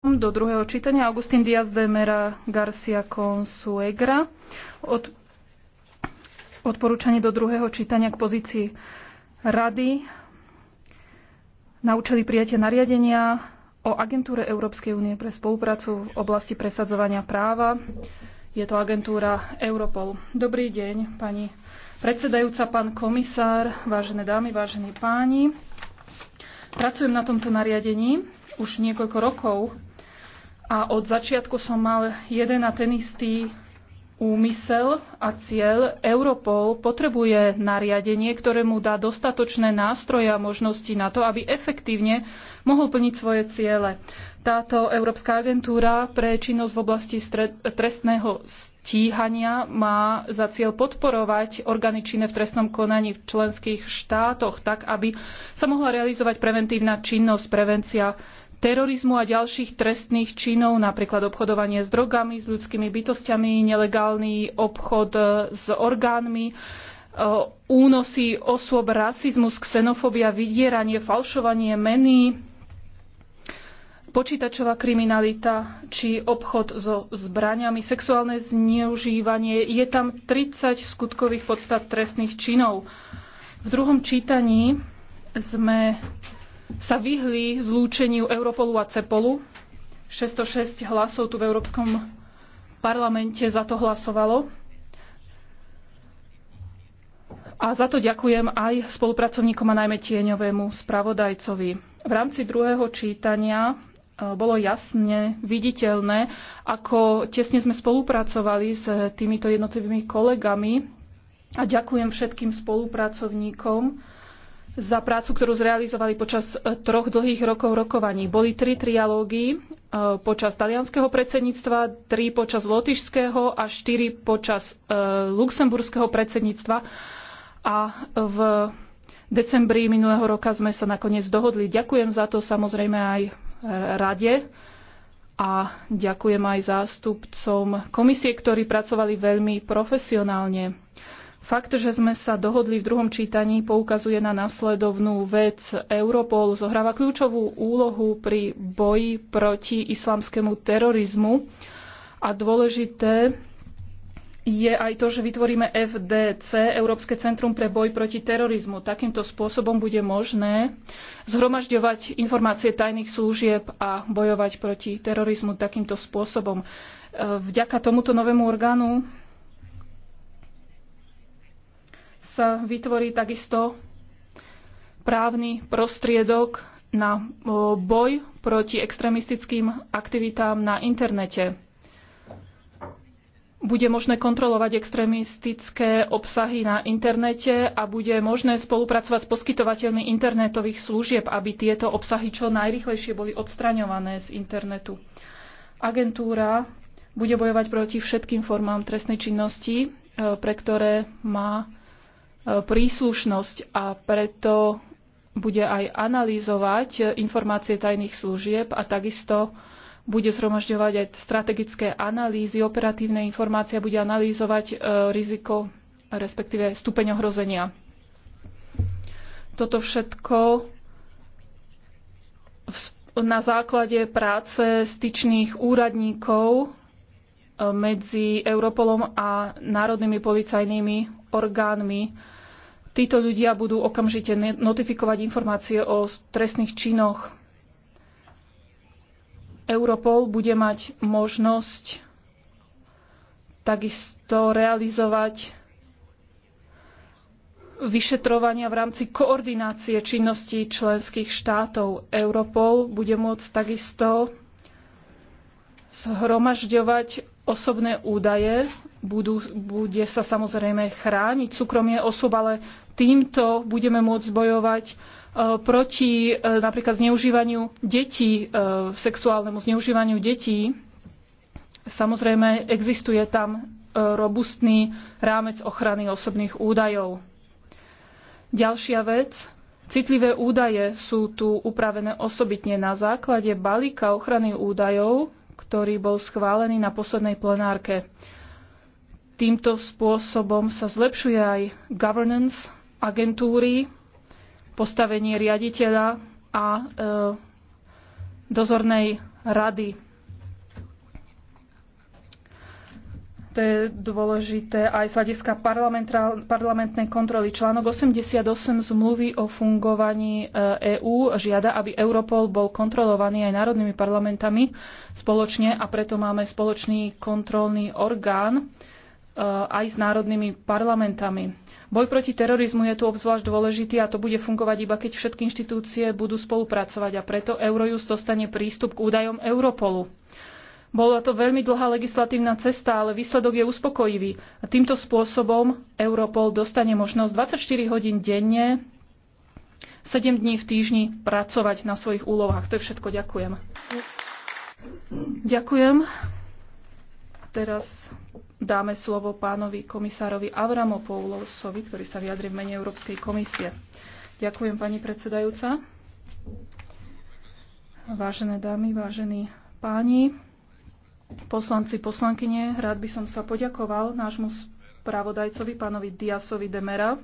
do druhého čítania Augustín Diaz de Mera Garcia Consuegra. Od, odporúčanie do druhého čítania k pozícii Rady na účely prijatia nariadenia o agentúre Európskej únie pre spoluprácu v oblasti presadzovania práva. Je to agentúra Europol. Dobrý deň, pani predsedajúca, pán komisár, vážené dámy, vážení páni. Pracujem na tomto nariadení už niekoľko rokov a od začiatku som mal jeden a ten istý úmysel a cieľ. Europol potrebuje nariadenie, ktoré mu dá dostatočné nástroje a možnosti na to, aby efektívne mohol plniť svoje ciele. Táto Európska agentúra pre činnosť v oblasti trestného stíhania má za cieľ podporovať orgány činné v trestnom konaní v členských štátoch, tak aby sa mohla realizovať preventívna činnosť, prevencia terorizmu a ďalších trestných činov, napríklad obchodovanie s drogami, s ľudskými bytostiami, nelegálny obchod e, s orgánmi, e, únosy osôb, rasizmus, xenofobia, vydieranie, falšovanie mení, počítačová kriminalita či obchod so zbraniami, sexuálne zneužívanie. Je tam 30 skutkových podstat trestných činov. V druhom čítaní sme sa vyhli zlúčeniu Europolu a Cepolu. 606 hlasov tu v Európskom parlamente za to hlasovalo. A za to ďakujem aj spolupracovníkom a najmä tieňovému spravodajcovi. V rámci druhého čítania e, bolo jasne viditeľné, ako tesne sme spolupracovali s týmito jednotlivými kolegami a ďakujem všetkým spolupracovníkom za prácu, ktorú zrealizovali počas e, troch dlhých rokov rokovaní. Boli tri trialógy e, počas talianského predsedníctva, tri počas lotišského a štyri počas e, luxemburského predsedníctva. A v decembri minulého roka sme sa nakoniec dohodli. Ďakujem za to samozrejme aj rade a ďakujem aj zástupcom komisie, ktorí pracovali veľmi profesionálne Fakt, že sme sa dohodli v druhom čítaní, poukazuje na následovnú vec. Europol zohráva kľúčovú úlohu pri boji proti islamskému terorizmu a dôležité je aj to, že vytvoríme FDC, Európske centrum pre boj proti terorizmu. Takýmto spôsobom bude možné zhromažďovať informácie tajných služieb a bojovať proti terorizmu takýmto spôsobom. Vďaka tomuto novému orgánu sa vytvorí takisto právny prostriedok na boj proti extremistickým aktivitám na internete. Bude možné kontrolovať extremistické obsahy na internete a bude možné spolupracovať s poskytovateľmi internetových služieb, aby tieto obsahy čo najrychlejšie boli odstraňované z internetu. Agentúra bude bojovať proti všetkým formám trestnej činnosti, e, pre ktoré má príslušnosť a preto bude aj analýzovať informácie tajných služieb a takisto bude zhromažďovať aj strategické analýzy, operatívne informácie a bude analýzovať e, riziko, respektíve stupeň ohrozenia. Toto všetko na základe práce styčných úradníkov e, medzi Europolom a národnými policajnými orgánmi. Títo ľudia budú okamžite notifikovať informácie o trestných činoch. Europol bude mať možnosť takisto realizovať vyšetrovania v rámci koordinácie činností členských štátov. Europol bude môcť takisto zhromažďovať Osobné údaje budú, bude sa samozrejme chrániť súkromie osob, ale týmto budeme môcť bojovať e, proti e, napríklad zneužívaniu detí, e, sexuálnemu zneužívaniu detí. Samozrejme, existuje tam robustný rámec ochrany osobných údajov. Ďalšia vec. Citlivé údaje sú tu upravené osobitne na základe balíka ochrany údajov ktorý bol schválený na poslednej plenárke. Týmto spôsobom sa zlepšuje aj governance agentúry, postavenie riaditeľa a e, dozornej rady to je dôležité aj z hľadiska parlamentnej kontroly. Článok 88 zmluvy o fungovaní EÚ e žiada, aby Europol bol kontrolovaný aj národnými parlamentami spoločne a preto máme spoločný kontrolný orgán e, aj s národnými parlamentami. Boj proti terorizmu je tu obzvlášť dôležitý a to bude fungovať iba keď všetky inštitúcie budú spolupracovať a preto Eurojust dostane prístup k údajom Europolu. Bola to veľmi dlhá legislatívna cesta, ale výsledok je uspokojivý. A týmto spôsobom Europol dostane možnosť 24 hodín denne, 7 dní v týždni pracovať na svojich úlohách. To je všetko. Ďakujem. Ďakujem. Teraz dáme slovo pánovi komisárovi Avramopoulosovi, ktorý sa vyjadri v mene Európskej komisie. Ďakujem, pani predsedajúca. Vážené dámy, vážení páni, Poslanci, poslankyne, rád by som sa poďakoval nášmu spravodajcovi, pánovi Diasovi Demera,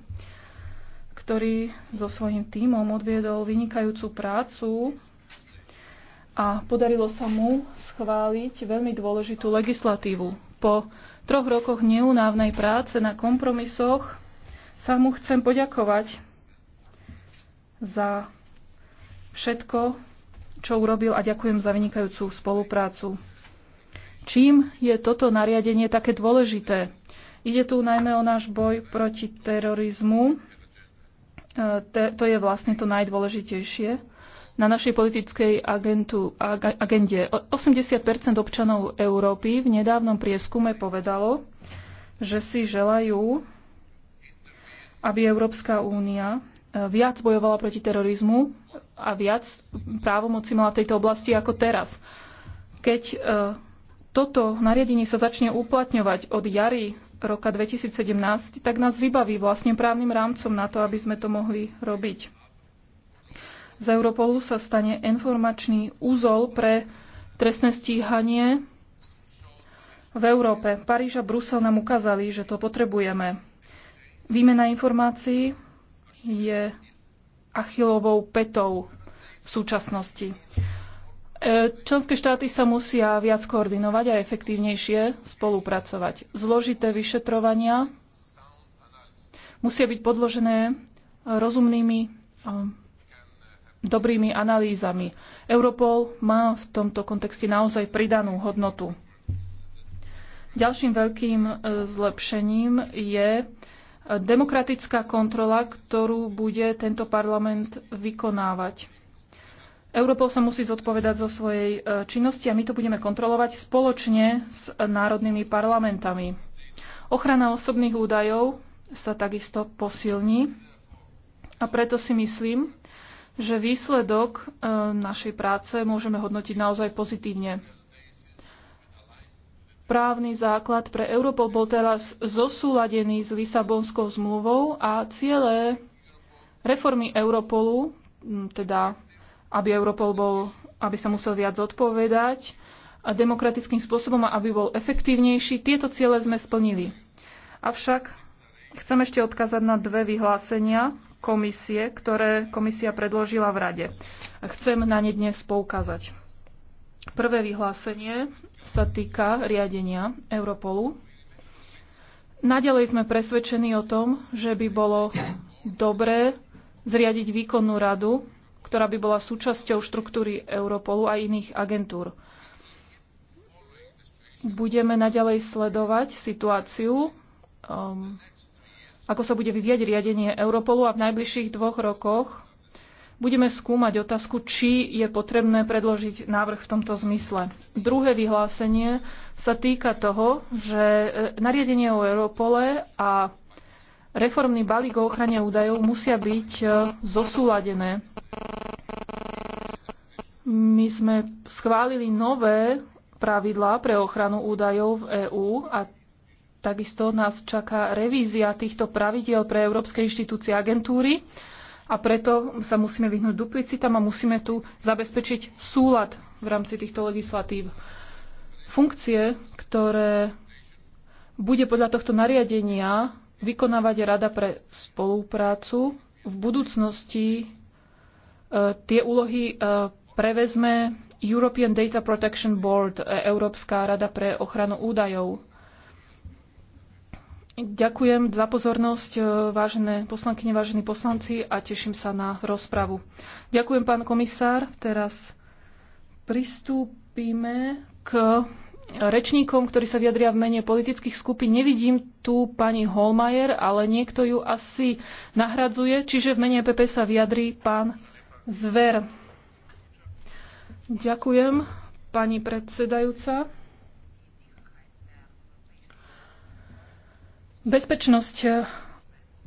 ktorý so svojím tímom odviedol vynikajúcu prácu a podarilo sa mu schváliť veľmi dôležitú legislatívu. Po troch rokoch neunávnej práce na kompromisoch sa mu chcem poďakovať za všetko, čo urobil a ďakujem za vynikajúcu spoluprácu. Čím je toto nariadenie také dôležité? Ide tu najmä o náš boj proti terorizmu. E, te, to je vlastne to najdôležitejšie na našej politickej agentu, ag, agende. 80 občanov Európy v nedávnom prieskume povedalo, že si želajú, aby Európska únia e, viac bojovala proti terorizmu a viac právomoci mala v tejto oblasti ako teraz. Keď e, toto nariadenie sa začne uplatňovať od jary roka 2017, tak nás vybaví vlastne právnym rámcom na to, aby sme to mohli robiť. Z Europolu sa stane informačný úzol pre trestné stíhanie v Európe. Paríž a Brusel nám ukázali, že to potrebujeme. Výmena informácií je achilovou petou v súčasnosti. E, členské štáty sa musia viac koordinovať a efektívnejšie spolupracovať. Zložité vyšetrovania musia byť podložené rozumnými, dobrými analýzami. Europol má v tomto kontexte naozaj pridanú hodnotu. Ďalším veľkým e, zlepšením je e, demokratická kontrola, ktorú bude tento parlament vykonávať. Europol sa musí zodpovedať zo svojej e, činnosti a my to budeme kontrolovať spoločne s národnými parlamentami. Ochrana osobných údajov sa takisto posilní a preto si myslím, že výsledok e, našej práce môžeme hodnotiť naozaj pozitívne. Právny základ pre Europol bol teraz zosúladený s Lisabonskou zmluvou a ciele reformy Europolu, teda aby Europol bol, aby sa musel viac zodpovedať a demokratickým spôsobom a aby bol efektívnejší. Tieto ciele sme splnili. Avšak chcem ešte odkázať na dve vyhlásenia komisie, ktoré komisia predložila v rade. Chcem na ne dnes poukázať. Prvé vyhlásenie sa týka riadenia Europolu. Nadalej sme presvedčení o tom, že by bolo dobré zriadiť výkonnú radu ktorá by bola súčasťou štruktúry Europolu a iných agentúr. Budeme naďalej sledovať situáciu, um, ako sa bude vyvíjať riadenie Europolu a v najbližších dvoch rokoch budeme skúmať otázku, či je potrebné predložiť návrh v tomto zmysle. Druhé vyhlásenie sa týka toho, že e, nariadenie o Europole a reformný balík o ochrane údajov musia byť e, zosúladené. My sme schválili nové pravidlá pre ochranu údajov v EÚ a takisto nás čaká revízia týchto pravidiel pre európske inštitúcie agentúry a preto sa musíme vyhnúť duplicitám a musíme tu zabezpečiť súlad v rámci týchto legislatív. Funkcie, ktoré bude podľa tohto nariadenia vykonávať Rada pre spoluprácu. V budúcnosti e, tie úlohy e, prevezme European Data Protection Board, e, Európska rada pre ochranu údajov. Ďakujem za pozornosť, vážené poslankyne, vážení poslanci a teším sa na rozpravu. Ďakujem, pán komisár. Teraz pristúpime k rečníkom, ktorí sa vyjadria v mene politických skupín. Nevidím tu pani Holmajer, ale niekto ju asi nahradzuje, čiže v mene PP e sa vyjadrí pán Zver. Ďakujem, pani predsedajúca. Bezpečnosť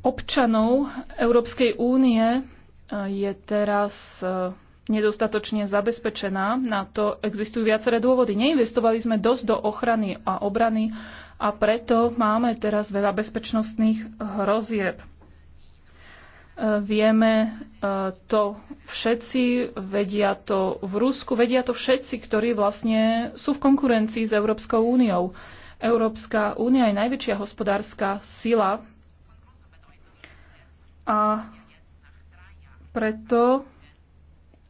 občanov Európskej únie je teraz nedostatočne zabezpečená. Na to existujú viaceré dôvody. Neinvestovali sme dosť do ochrany a obrany a preto máme teraz veľa bezpečnostných hrozieb. E, vieme e, to všetci, vedia to v Rusku, vedia to všetci, ktorí vlastne sú v konkurencii s Európskou úniou. Európska únia je najväčšia hospodárska sila a preto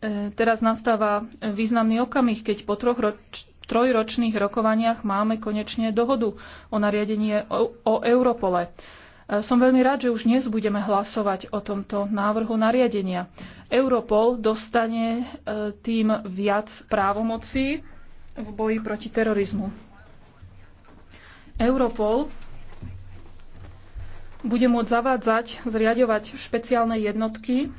E, teraz nastáva významný okamih, keď po troch roč- trojročných rokovaniach máme konečne dohodu o nariadení e, o, o Europole. E, som veľmi rád, že už dnes budeme hlasovať o tomto návrhu nariadenia. Europol dostane tým viac právomocí v boji proti terorizmu. Europol bude môcť zavádzať, zriadovať špeciálne jednotky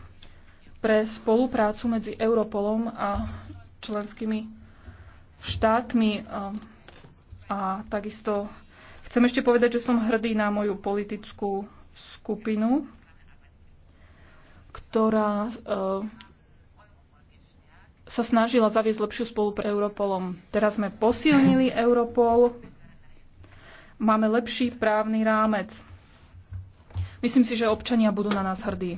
pre spoluprácu medzi Europolom a členskými štátmi. Ehm, a takisto chcem ešte povedať, že som hrdý na moju politickú skupinu, ktorá ehm, sa snažila zaviesť lepšiu spolu pre Europolom. Teraz sme posilnili Europol, máme lepší právny rámec. Myslím si, že občania budú na nás hrdí.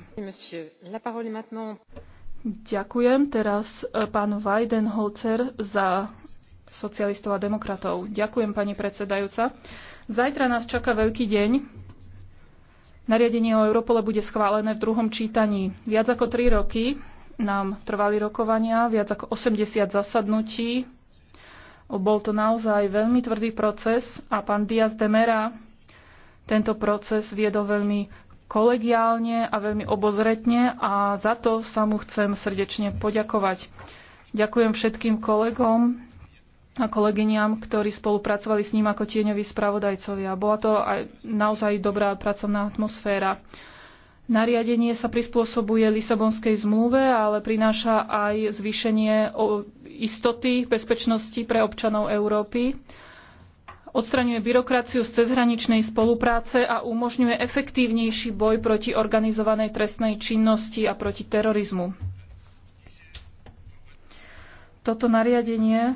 Ďakujem teraz e, pán Weidenholzer za socialistov a demokratov. Ďakujem, pani predsedajúca. Zajtra nás čaká veľký deň. Nariadenie o Europole bude schválené v druhom čítaní. Viac ako tri roky nám trvali rokovania, viac ako 80 zasadnutí. Bol to naozaj veľmi tvrdý proces a pán Diaz de Mera tento proces viedol veľmi kolegiálne a veľmi obozretne a za to sa mu chcem srdečne poďakovať. Ďakujem všetkým kolegom a kolegyňam, ktorí spolupracovali s ním ako tieňoví spravodajcovia. Bola to aj naozaj dobrá pracovná atmosféra. Nariadenie sa prispôsobuje Lisabonskej zmluve, ale prináša aj zvýšenie istoty bezpečnosti pre občanov Európy odstraňuje byrokraciu z cezhraničnej spolupráce a umožňuje efektívnejší boj proti organizovanej trestnej činnosti a proti terorizmu. Toto nariadenie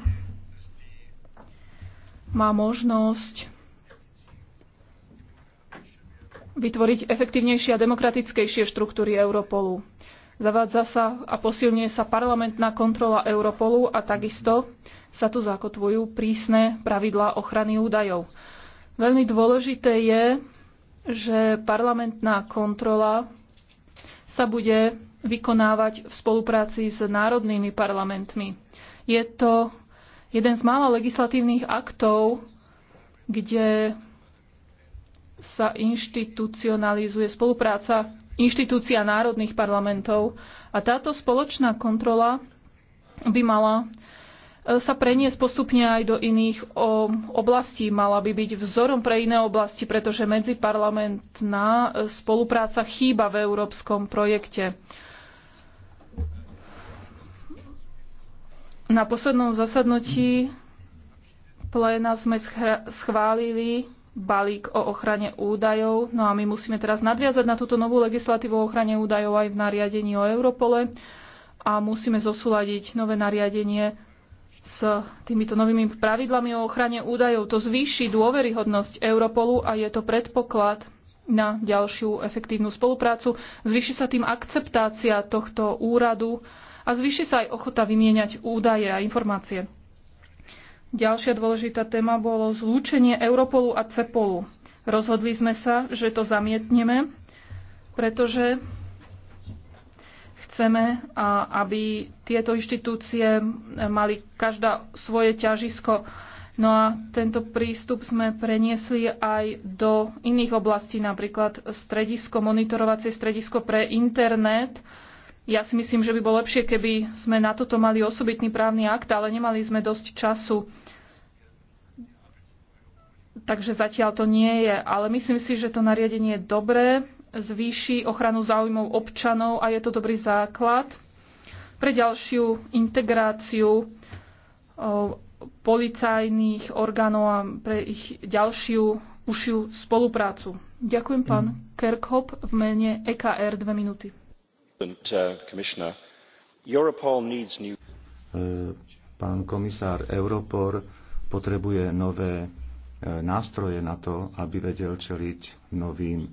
má možnosť vytvoriť efektívnejšie a demokratickejšie štruktúry Europolu. Zavádza sa a posilňuje sa parlamentná kontrola Europolu a takisto sa tu zakotvujú prísne pravidlá ochrany údajov. Veľmi dôležité je, že parlamentná kontrola sa bude vykonávať v spolupráci s národnými parlamentmi. Je to jeden z mála legislatívnych aktov, kde sa inštitucionalizuje spolupráca inštitúcia národných parlamentov a táto spoločná kontrola by mala sa preniesť postupne aj do iných oblastí. Mala by byť vzorom pre iné oblasti, pretože medziparlamentná e, spolupráca chýba v európskom projekte. Na poslednom zasadnutí pléna sme schválili balík o ochrane údajov. No a my musíme teraz nadviazať na túto novú legislatívu o ochrane údajov aj v nariadení o Europole a musíme zosúľadiť nové nariadenie s týmito novými pravidlami o ochrane údajov. To zvýši dôveryhodnosť Europolu a je to predpoklad na ďalšiu efektívnu spoluprácu. Zvýši sa tým akceptácia tohto úradu a zvýši sa aj ochota vymieňať údaje a informácie. Ďalšia dôležitá téma bolo zlúčenie Europolu a Cepolu. Rozhodli sme sa, že to zamietneme, pretože Chceme, aby tieto inštitúcie mali každá svoje ťažisko. No a tento prístup sme preniesli aj do iných oblastí, napríklad stredisko, monitorovacie stredisko pre internet. Ja si myslím, že by bolo lepšie, keby sme na toto mali osobitný právny akt, ale nemali sme dosť času. Takže zatiaľ to nie je. Ale myslím si, že to nariadenie je dobré zvýši ochranu záujmov občanov a je to dobrý základ pre ďalšiu integráciu policajných orgánov a pre ich ďalšiu ušiu spoluprácu. Ďakujem pán mm. Kerkhop v mene EKR dve minúty. E, pán komisár, Europol potrebuje nové e, nástroje na to, aby vedel čeliť novým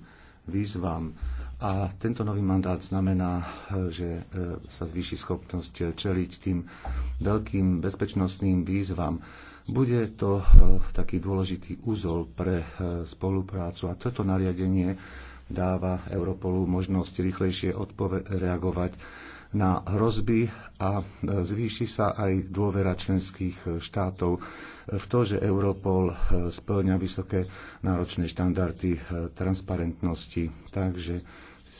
výzvam. A tento nový mandát znamená, že e, sa zvýši schopnosť e, čeliť tým veľkým bezpečnostným výzvam. Bude to e, taký dôležitý úzol pre spoluprácu a toto nariadenie dáva Europolu možnosť rýchlejšie reagovať na hrozby a zvýši sa aj dôvera členských štátov v to, že Europol eh, splňa vysoké náročné štandardy eh, transparentnosti. Takže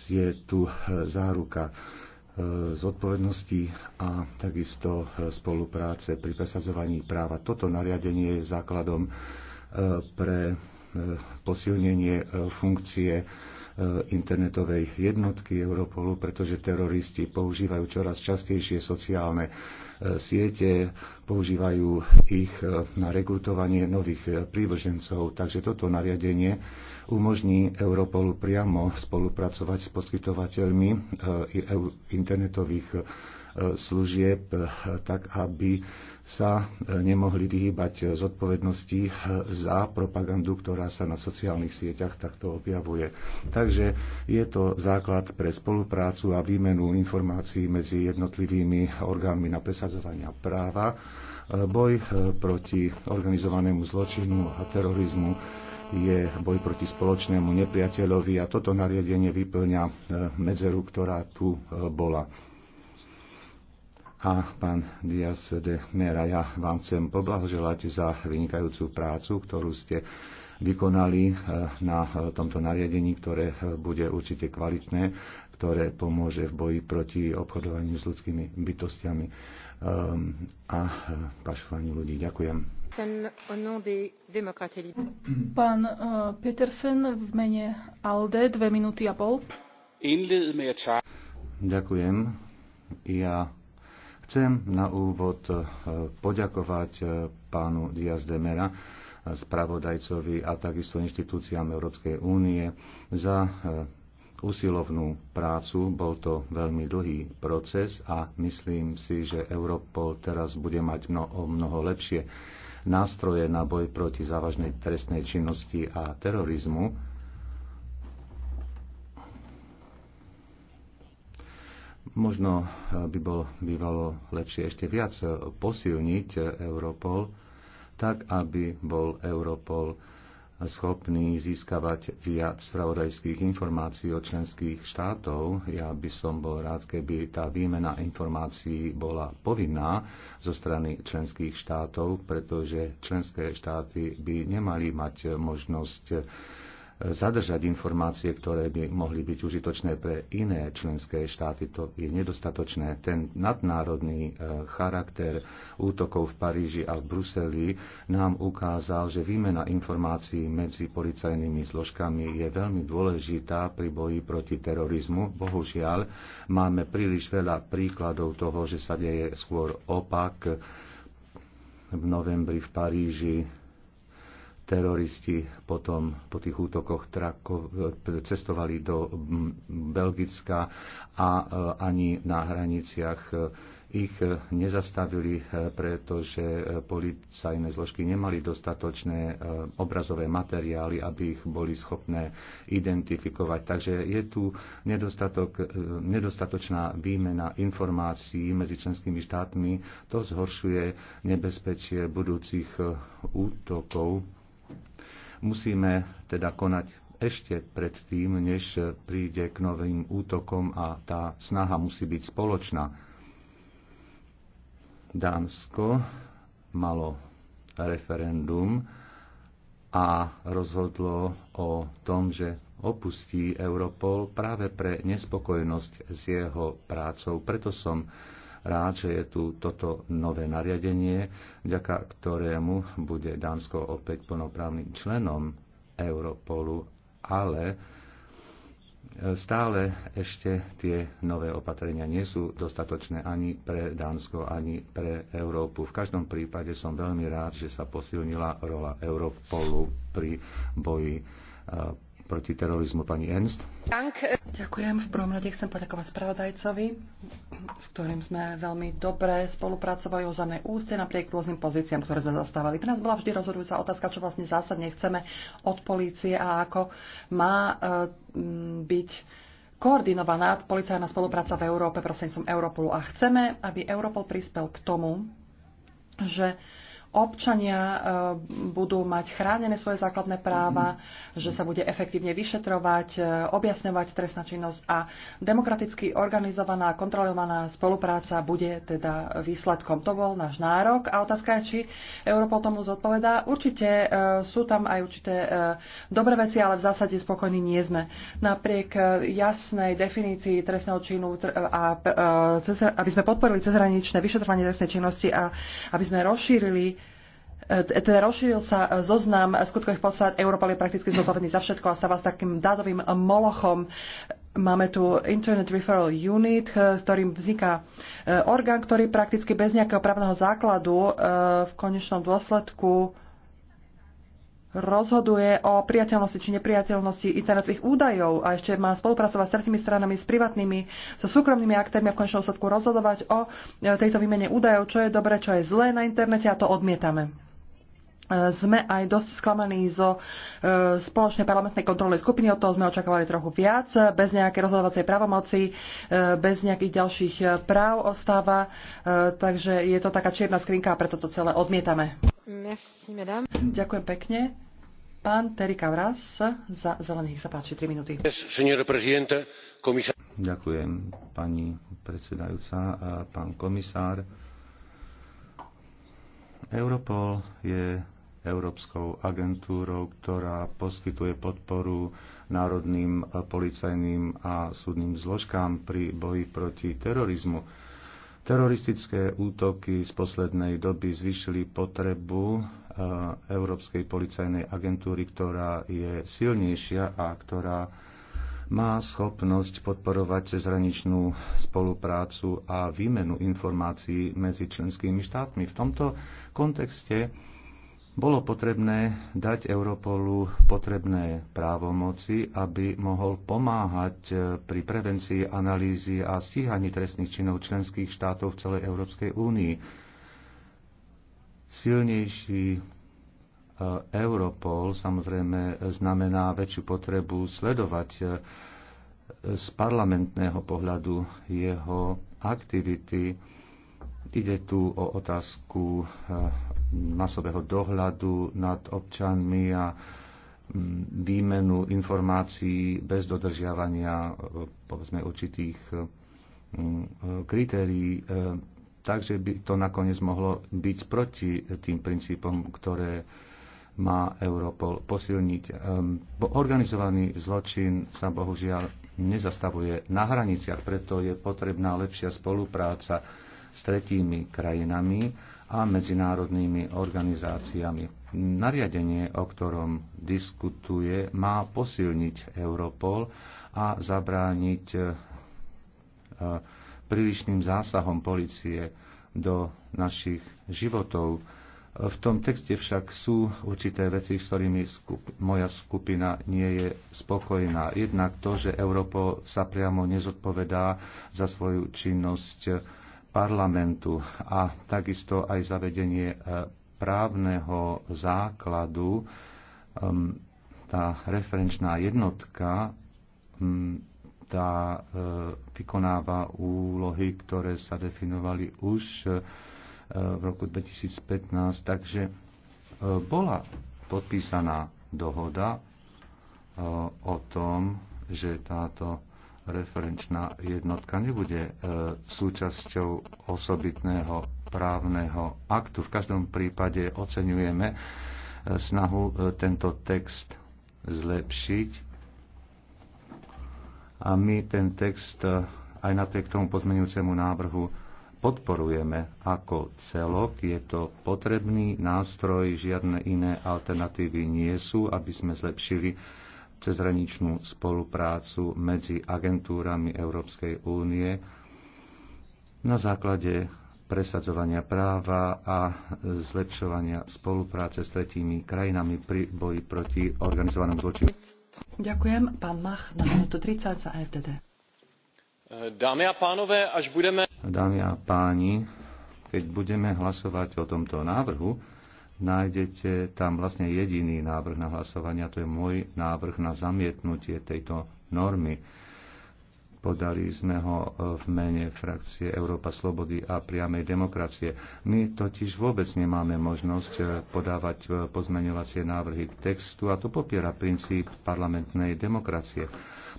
je tu eh, záruka zodpovednosti a takisto spolupráce pri presadzovaní práva. Toto nariadenie je základom pre posilnenie funkcie E, internetovej jednotky Europolu, pretože teroristi používajú čoraz častejšie sociálne e, siete, používajú ich e, na rekrutovanie nových prívržencov. Takže toto nariadenie umožní Europolu priamo spolupracovať s poskytovateľmi internetových služieb, tak aby sa nemohli vyhýbať zodpovednosti za propagandu, ktorá sa na sociálnych sieťach takto objavuje. Takže je to základ pre spoluprácu a výmenu informácií medzi jednotlivými orgánmi na presadzovania práva, boj proti organizovanému zločinu a terorizmu je boj proti spoločnému nepriateľovi a toto nariadenie vyplňa medzeru, ktorá tu bola a pán Diaz de Mera. Ja vám chcem poblahoželať za vynikajúcu prácu, ktorú ste vykonali e, na e, tomto nariadení, ktoré e, bude určite kvalitné, ktoré pomôže v boji proti obchodovaniu s ľudskými bytostiami ehm, a pašovaniu ľudí. Ďakujem. Pán Petersen v mene ALDE, dve minúty a pol. Ďakujem. Ja Chcem na úvod e, poďakovať e, pánu Diaz de Mera, e, spravodajcovi a takisto inštitúciám Európskej únie za usilovnú prácu. Bol to veľmi dlhý proces a myslím si, že Europol teraz bude mať o mnoho lepšie nástroje na boj proti závažnej trestnej činnosti a terorizmu Možno eh, by bol bývalo lepšie ešte viac eh, posilniť eh, Europol, tak aby bol Europol schopný získavať viac spravodajských informácií od členských štátov. Ja by som bol rád, keby tá výmena informácií bola povinná zo strany členských štátov, pretože členské štáty by nemali mať možnosť zadržať informácie, ktoré by mohli byť užitočné pre iné členské štáty. To je nedostatočné. Ten nadnárodný e, charakter útokov v Paríži a v Bruseli nám ukázal, že výmena informácií medzi policajnými zložkami je veľmi dôležitá pri boji proti terorizmu. Bohužiaľ, máme príliš veľa príkladov toho, že sa deje skôr opak. V novembri v Paríži teroristi potom po tých útokoch trako, cestovali do Belgicka a e, ani na hraniciach e, ich e, nezastavili, pretože policajné zložky nemali dostatočné obrazové materiály, aby ich boli schopné identifikovať. Takže je tu nedostatok, nedostatočná výmena informácií medzi členskými štátmi. To zhoršuje nebezpečie budúcich útokov Musíme teda konať ešte predtým, než príde k novým útokom a tá snaha musí byť spoločná. Dánsko malo referendum a rozhodlo o tom, že opustí Europol práve pre nespokojnosť s jeho prácou. Preto som rád, že je tu toto nové nariadenie, vďaka ktorému bude Dánsko opäť plnoprávnym členom Europolu, ale e, stále ešte tie nové opatrenia nie sú dostatočné ani pre Dánsko, ani pre Európu. V každom prípade som veľmi rád, že sa posilnila rola Europolu pri boji e, proti terorizmu pani Ernst. Ďakujem. V prvom rade chcem poďakovať spravodajcovi, s ktorým sme veľmi dobre spolupracovali o zemnej úste napriek rôznym pozíciám, ktoré sme zastávali. Pre nás bola vždy rozhodujúca otázka, čo vlastne zásadne chceme od polície a ako má eh, byť koordinovaná policajná spolupráca v Európe prostredníctvom Europolu. A chceme, aby Europol prispel k tomu, že občania e, budú mať chránené svoje základné práva, mhm. že sa bude efektívne vyšetrovať, e, objasňovať trestná činnosť a demokraticky organizovaná a kontrolovaná spolupráca bude teda výsledkom. To bol náš nárok a otázka je, či Európa tomu zodpovedá. Určite e, sú tam aj určité dobré veci, ale v zásade spokojní nie sme. Napriek jasnej definícii trestného činu a aby sme podporili cezhraničné vyšetrovanie trestnej činnosti a aby sme rozšírili E, teda rozšíril sa e, zoznam skutkových podstat. Európa je prakticky zodpovedný za všetko a stáva sa takým dátovým molochom. Máme tu Internet Referral Unit, e, s ktorým vzniká orgán, ktorý prakticky bez nejakého právneho základu v konečnom dôsledku rozhoduje o priateľnosti či nepriateľnosti internetových údajov a ešte má spolupracovať s tretimi stranami, s privatnými, so súkromnými aktérmi a v končnom sledku rozhodovať o tejto výmene údajov, čo je dobre, čo je zlé na internete a to odmietame sme aj dosť sklamaní zo e, spoločnej parlamentnej kontrolnej skupiny, od toho sme očakávali trochu viac, bez nejakej rozhodovacej pravomoci, e, bez nejakých ďalších e, práv ostáva, takže je to taká čierna skrinka a preto to celé odmietame. Merci, madame. Ďakujem pekne. Pán Terry Kavras za zelených sa páči 3 minúty. Ďakujem, pani predsedajúca, pán komisár. Europol je Európskou agentúrou, ktorá poskytuje podporu národným policajným a súdnym zložkám pri boji proti terorizmu. Teroristické útoky z poslednej doby zvyšili potrebu e, Európskej policajnej agentúry, ktorá je silnejšia a ktorá má schopnosť podporovať cezhraničnú spoluprácu a výmenu informácií medzi členskými štátmi. V tomto kontexte bolo potrebné dať Europolu potrebné právomoci, aby mohol pomáhať e, pri prevencii, analýzy a stíhaní trestných činov členských štátov v celej Európskej únii. Silnejší e, Europol samozrejme znamená väčšiu potrebu sledovať e, z parlamentného pohľadu jeho aktivity. Ide tu o otázku masového dohľadu nad občanmi a mm, výmenu informácií bez dodržiavania e, povedzme určitých e, mm, kritérií, e, takže by to nakoniec mohlo byť proti tým princípom, ktoré má Europol posilniť. Organizovaný zločin sa bohužiaľ nezastavuje na hraniciach, preto je potrebná lepšia spolupráca s tretími krajinami a medzinárodnými organizáciami. Nariadenie, o ktorom diskutuje, má posilniť Europol a zabrániť e, prílišným zásahom policie do našich životov. V tom texte však sú určité veci, s ktorými skup- moja skupina nie je spokojná. Jednak to, že Europol sa priamo nezodpovedá za svoju činnosť parlamentu a takisto aj zavedenie e, právneho základu. Tá referenčná jednotka tá e, vykonáva úlohy, ktoré sa definovali už e, v roku 2015, takže bola podpísaná dohoda o tom, že táto referenčná jednotka nebude e, súčasťou osobitného právneho aktu. V každom prípade oceňujeme e, snahu e, tento text zlepšiť a my ten text aj napriek tomu pozmenujúcemu návrhu podporujeme ako celok. Je to potrebný nástroj, žiadne iné alternatívy nie sú, aby sme zlepšili cezhraničnú spoluprácu medzi agentúrami Európskej únie na základe presadzovania práva a zlepšovania spolupráce s tretími krajinami pri boji proti organizovanému zločinu. Ďakujem. Pán Mach na minútu 30 za FDD. Dámy a pánové, až budeme... Dámy a páni, keď budeme hlasovať o tomto návrhu, nájdete tam vlastne jediný návrh na hlasovanie, a to je môj návrh na zamietnutie tejto normy. Podali sme ho e, v mene frakcie Európa Slobody a priamej demokracie. My totiž vôbec nemáme možnosť e, podávať e, pozmeňovacie návrhy k textu a to popiera princíp parlamentnej demokracie.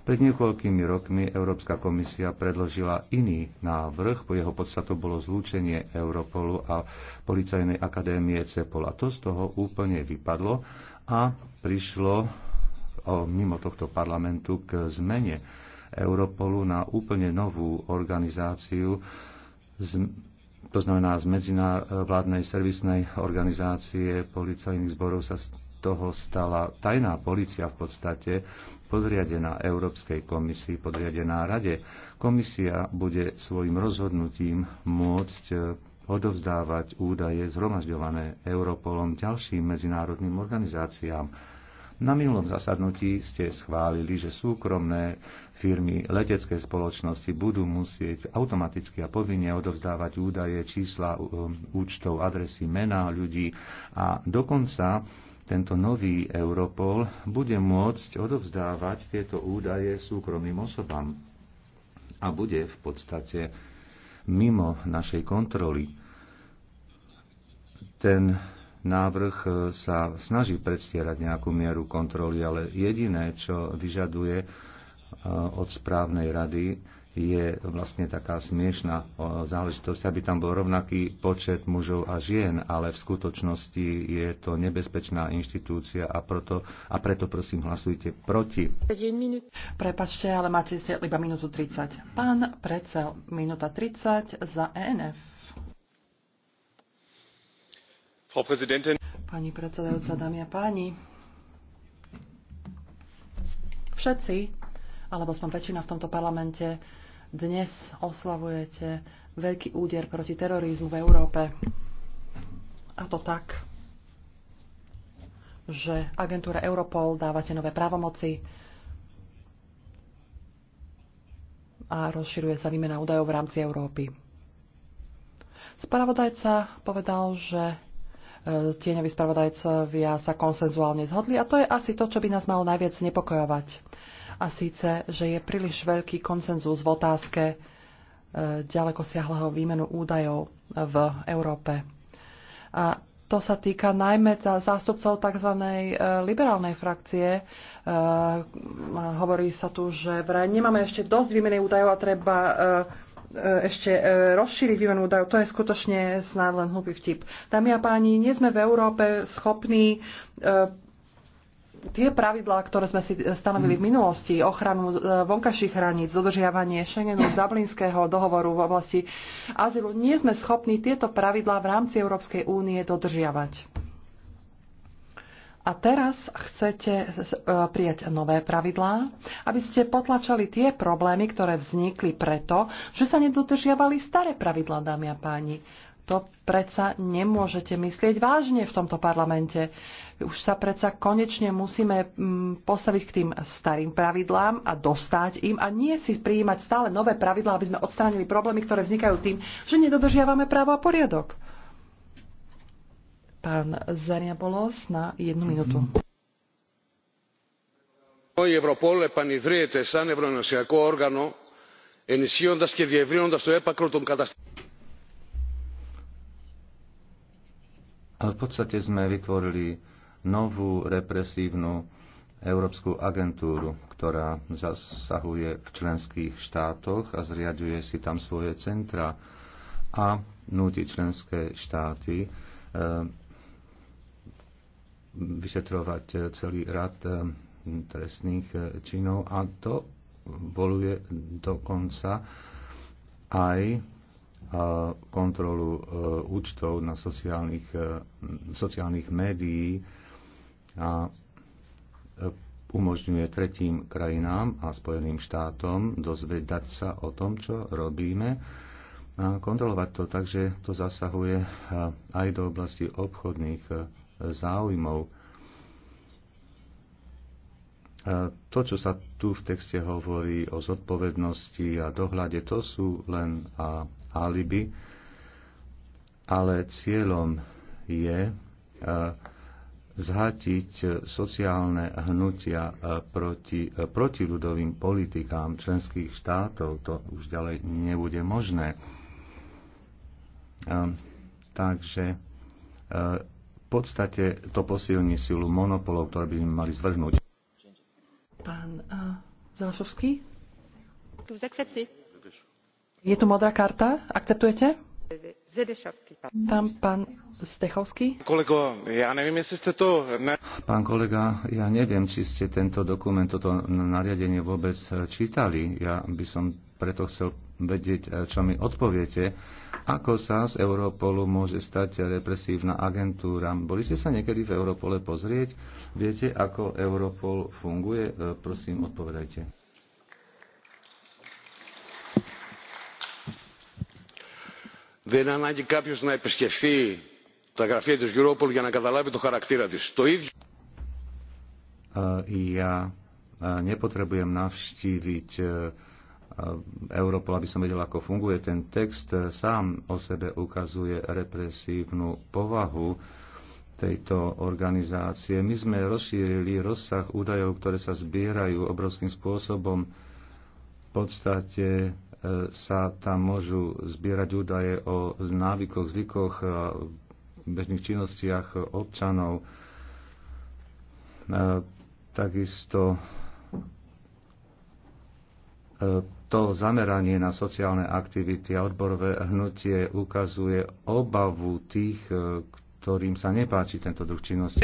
Pred niekoľkými rokmi Európska komisia predložila iný návrh, po jeho podstatu bolo zlúčenie Europolu a Policajnej akadémie CEPOL. A to z toho úplne vypadlo a prišlo o, mimo tohto parlamentu k zmene Europolu na úplne novú organizáciu, z, to znamená z medzinárodnej servisnej organizácie policajných zborov sa z toho stala tajná policia v podstate, podriadená Európskej komisii, podriadená Rade. Komisia bude svojim rozhodnutím môcť e, odovzdávať údaje zhromažďované Europolom ďalším medzinárodným organizáciám. Na minulom zasadnutí ste schválili, že súkromné firmy letecké spoločnosti budú musieť automaticky a povinne odovzdávať údaje, čísla e, účtov, adresy, mená ľudí a dokonca tento nový Europol bude môcť odovzdávať tieto údaje súkromným osobám a bude v podstate mimo našej kontroly. Ten návrh sa snaží predstierať nejakú mieru kontroly, ale jediné, čo vyžaduje eh, od správnej rady, je vlastne taká smiešná záležitosť, aby tam bol rovnaký počet mužov a žien, ale v skutočnosti je to nebezpečná inštitúcia a preto, a preto prosím hlasujte proti. Prepačte, ale máte si iba minútu 30. Pán predsel, minúta 30 za e ENF. Pani predsedajúca, dámy a páni, všetci, alebo som väčšina v tomto parlamente, dnes oslavujete veľký úder proti terorizmu v Európe. A to tak, že agentúra Europol dávate nové právomoci a rozširuje sa výmena údajov v rámci Európy. Spravodajca povedal, že e, tieňoví spravodajcovia sa konsenzuálne zhodli a to je asi to, čo by nás malo najviac znepokojovať a síce, že je príliš veľký konsenzus v otázke e, ďaleko siahleho výmenu údajov v Európe. A to sa týka najmä zástupcov tzv. E, liberálnej frakcie. E, hovorí sa tu, že vraj nemáme ešte dosť výmeny údajov a treba ešte rozšíriť výmenu údajov. To je skutočne snad len hlupý vtip. Dámy a páni, nie sme v Európe schopní tie pravidlá, ktoré sme si e, stanovili v mm. minulosti, ochranu e, vonkajších hraníc, dodržiavanie Schengenu, mm. Dublinského dohovoru v oblasti azylu, nie sme schopní tieto pravidlá v rámci Európskej únie dodržiavať. A teraz chcete e, prijať nové pravidlá, aby ste potlačali tie problémy, ktoré vznikli preto, že sa nedodržiavali staré pravidlá, dámy a páni. To predsa nemôžete myslieť vážne v tomto parlamente už sa predsa konečne musíme mm, postaviť k tým starým pravidlám a dostať im a nie si prijímať stále nové pravidlá, aby sme odstránili problémy, ktoré vznikajú tým, že nedodržiavame právo a poriadok. Pán Zania Bolos na jednu mhm. minútu. Η Ευρωπόλ επανειδρύεται σαν ευρωνοσιακό όργανο ενισχύοντας και διευρύνοντας το έπακρο των καταστάσεων. Ale v podstate sme vytvorili novú represívnu Európsku agentúru, ktorá zasahuje v členských štátoch a zriaduje si tam svoje centra a núti členské štáty eh, vyšetrovať celý rad eh, trestných eh, činov a to voluje dokonca aj kontrolu účtov na sociálnych, sociálnych médií a e, umožňuje tretím krajinám a Spojeným štátom dozvedať sa o tom, čo robíme a kontrolovať to. Takže to zasahuje e, aj do oblasti obchodných e, záujmov. To, čo sa tu v texte hovorí o zodpovednosti a dohľade, to sú len a alibi, ale cieľom je zhatiť sociálne hnutia e, proti e, protiľudovým politikám členských štátov. To už ďalej nebude možné. Ehm, takže e, v podstate to posilní silu monopolov, ktoré by mali zvrhnúť. Pán uh, Zalašovský? Je tu modrá karta? Akceptujete? Tam pán Kolego, ja neviem, jestli ste to... Ne... Pán kolega, ja neviem, či ste tento dokument, toto nariadenie vôbec eh, čítali. Ja by som preto chcel vedieť, eh, čo mi odpoviete. Ako sa z Europolu môže stať represívna agentúra? Boli ste sa niekedy v Europole pozrieť? Viete, ako Europol funguje? Eh, prosím, odpovedajte. Δεν είναι ανάγκη κάποιο να επισκεφθεί τα γραφεία τη Γιουρόπολ για να καταλάβει το χαρακτήρα τη. Το ίδιο... Ja nepotrebujem navštíviť Europol, aby som vedel, ako funguje ten text. E, sám o sebe ukazuje represívnu povahu tejto organizácie. My sme rozšírili rozsah údajov, ktoré sa zbierajú obrovským spôsobom. V podstate sa tam môžu zbierať údaje o návykoch, zvykoch, bežných činnostiach občanov. E, takisto e, to zameranie na sociálne aktivity a odborové hnutie ukazuje obavu tých, e, ktorým sa nepáči tento druh činnosti.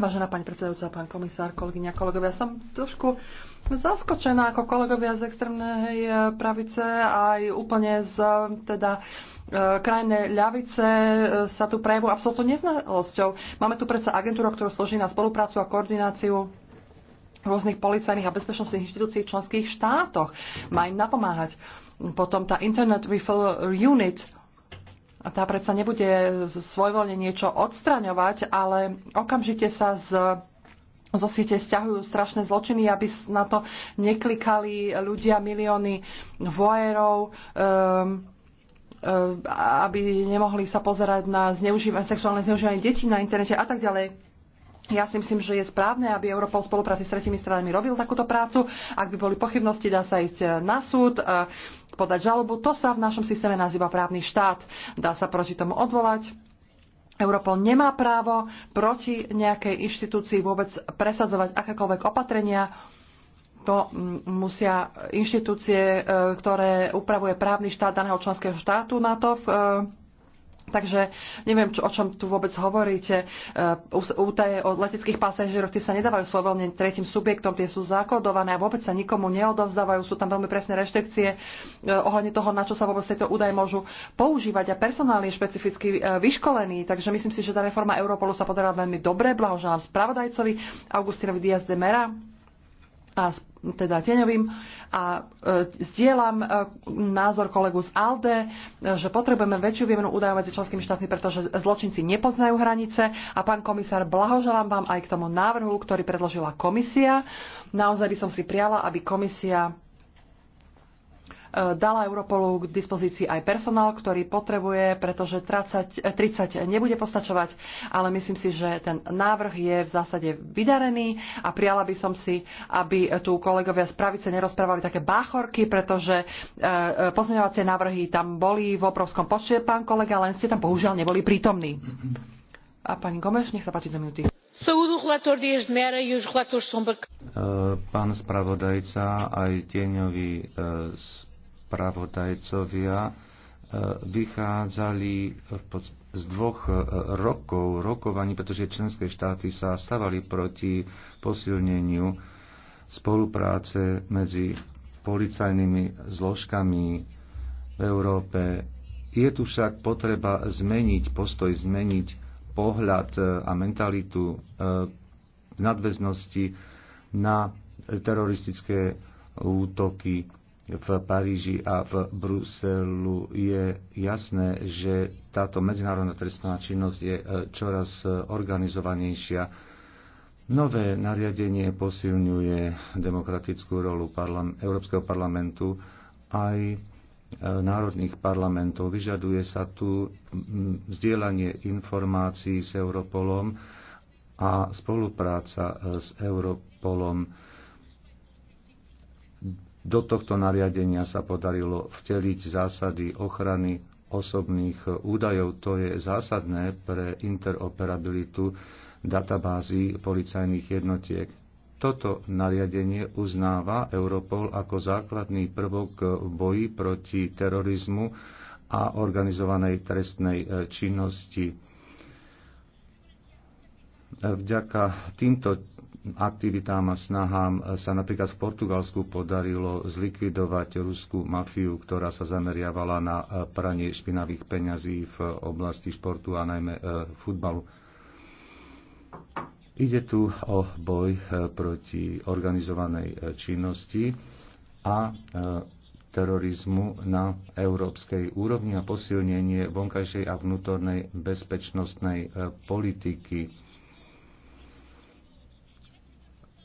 Vážená pani predsedajúca, pán komisár, kolegyňa, kolegovia, som trošku zaskočená ako kolegovia z extrémnej eh, pravice aj úplne z teda eh, krajné ľavice eh, sa tu prejavujú absolútnou neznalosťou. Máme tu predsa agentúru, ktorú slúži na spoluprácu a koordináciu rôznych policajných a bezpečnostných inštitúcií v členských štátoch. Má im napomáhať. Potom tá Internet Refill Unit, tá predsa nebude svojvoľne niečo odstraňovať, ale okamžite sa z zo siete stiahujú strašné zločiny, aby na to neklikali ľudia milióny vojerov, um, ehm, um, ehm, aby nemohli sa pozerať na zneužívanie, sexuálne zneužívanie detí na internete a tak ďalej. Ja si myslím, že je správne, aby Europol v spolupráci s tretimi stranami robil takúto prácu. Ak by boli pochybnosti, dá sa ísť eh, na súd, eh, podať žalobu. To sa v našom systéme nazýva právny štát. Dá sa proti tomu odvolať Europol nemá právo proti nejakej inštitúcii vôbec presadzovať akékoľvek opatrenia. To mm, musia inštitúcie, e, ktoré upravuje právny štát daného členského štátu na to v e, Takže neviem, čo, o čom tu vôbec hovoríte. E, Útaje o leteckých pasažieroch, tie sa nedávajú svojvoľne tretím subjektom, tie sú zakodované a vôbec sa nikomu neodovzdávajú. Sú tam veľmi presné reštrikcie e, ohľadne toho, na čo sa vôbec tieto údaje môžu používať a personál je špecificky e, vyškolený. Takže myslím si, že tá reforma Europolu sa podarila veľmi dobre. Blahoželám spravodajcovi Augustinovi Diaz de Mera a teda tieňovým a e, zdieľam e, názor kolegu z ALDE, e, že potrebujeme väčšiu výmenu údajov medzi členskými štátmi, pretože zločinci nepoznajú hranice a pán komisár, blahoželám vám aj k tomu návrhu, ktorý predložila komisia. Naozaj by som si priala, aby komisia Eh, dala Europolu k dispozícii aj personál, ktorý potrebuje, pretože 30, 30 eh, nebude postačovať, ale myslím si, že ten návrh je v zásade vydarený a prijala by som si, aby tu kolegovia z pravice nerozprávali také báchorky, pretože eh, pozmeňovacie návrhy tam boli v obrovskom počte, pán kolega, len ste tam bohužiaľ neboli prítomní. A pani Gomeš, nech sa páči do minúty. E pán spravodajca, aj tieňoví spravodajcovia e, vychádzali z dvoch e, rokov rokovaní, pretože členské štáty sa stavali proti posilneniu spolupráce medzi policajnými zložkami v Európe. Je tu však potreba zmeniť postoj, zmeniť pohľad e, a mentalitu v nadväznosti na teroristické útoky v Paríži a v Bruselu je jasné, že táto medzinárodná trestná činnosť je e, čoraz e, organizovanejšia. Nové nariadenie posilňuje demokratickú rolu parlam- Európskeho parlamentu aj e, národných parlamentov. Vyžaduje sa tu vzdielanie informácií s Europolom a spolupráca s Europolom do tohto nariadenia sa podarilo vteliť zásady ochrany osobných údajov. To je zásadné pre interoperabilitu databázy policajných jednotiek. Toto nariadenie uznáva Europol ako základný prvok v boji proti terorizmu a organizovanej trestnej e, činnosti. Vďaka týmto aktivitám a snahám e, sa napríklad v Portugalsku podarilo zlikvidovať ruskú mafiu, ktorá sa zameriavala na e, pranie špinavých peňazí v oblasti športu a najmä e, futbalu. Ide tu o boj proti organizovanej činnosti a terorizmu na európskej úrovni a posilnenie vonkajšej a vnútornej bezpečnostnej politiky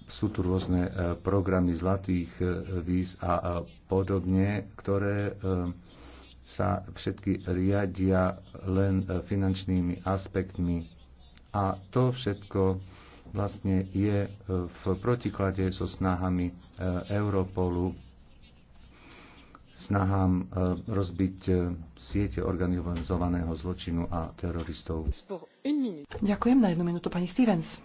sú tu rôzne e, programy zlatých e, víz a podobne, ktoré e, sa všetky riadia len finančnými aspektmi. A to všetko vlastne je v protiklade so snahami Europolu, snahám rozbiť siete organizovaného zločinu a teroristov. Ďakujem na jednu minútu pani Stevens.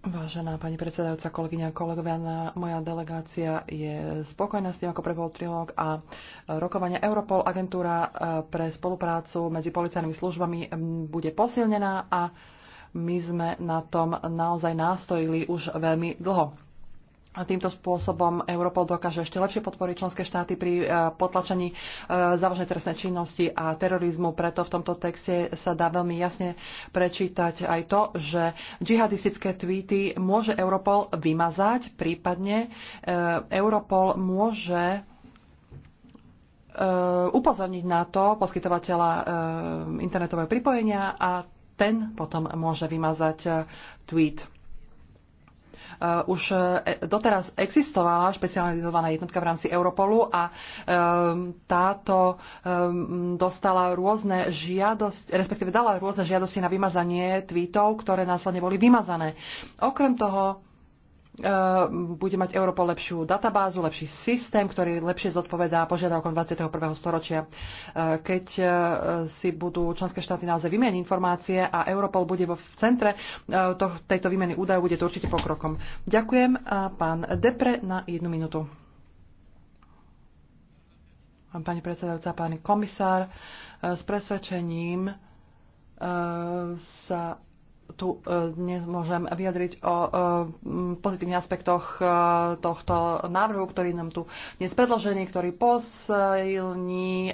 Vážená pani predsedajúca, kolegyňa a kolegovia, moja delegácia je spokojná s tým, ako prebol trilóg a e, rokovania Europol, agentúra e, pre spoluprácu medzi policajnými službami bude posilnená a my sme na tom naozaj nástojili už veľmi dlho. A týmto spôsobom Europol dokáže ešte lepšie podporiť členské štáty pri e, potlačení e, závažnej trestnej činnosti a terorizmu. Preto v tomto texte sa dá veľmi jasne prečítať aj to, že džihadistické tweety môže Europol vymazať, prípadne e, Europol môže upozorniť na to poskytovateľa internetového pripojenia a ten potom môže vymazať tweet. Eh, už eh, doteraz existovala špecializovaná jednotka v rámci Europolu a eh, táto dostala rôzne žiadosti, respektíve dala rôzne žiadosti na vymazanie tweetov, ktoré následne boli vymazané. Okrem toho Eh, bude mať Europol lepšiu databázu, lepší systém, ktorý lepšie zodpovedá požiadavkom 21. storočia. Eh, keď eh, si budú členské štáty naozaj vymeniť informácie a Europol bude vo v centre tejto výmeny údajov, bude to určite pokrokom. Ďakujem a pán Depre na jednu minútu. Pani predsedajúca, pán komisár, s presvedčením sa tu e, dnes môžem vyjadriť o e, pozitívnych aspektoch e, tohto návrhu, ktorý nám tu dnes predložený, ktorý posilní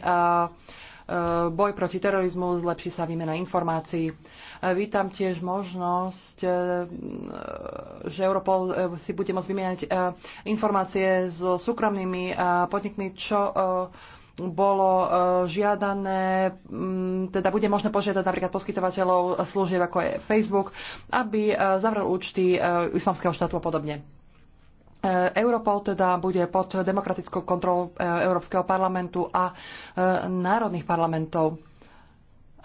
boj proti terorizmu, zlepší sa výmena informácií. Vítam tiež možnosť, že Europol si bude môcť vymieňať informácie so súkromnými podnikmi, čo bolo e, žiadané, mm, teda bude možné požiadať napríklad poskytovateľov služieb ako je Facebook, aby e, zavrel účty e, islamského štátu a podobne. Europol teda bude pod demokratickou kontrolou Európskeho parlamentu a národných parlamentov.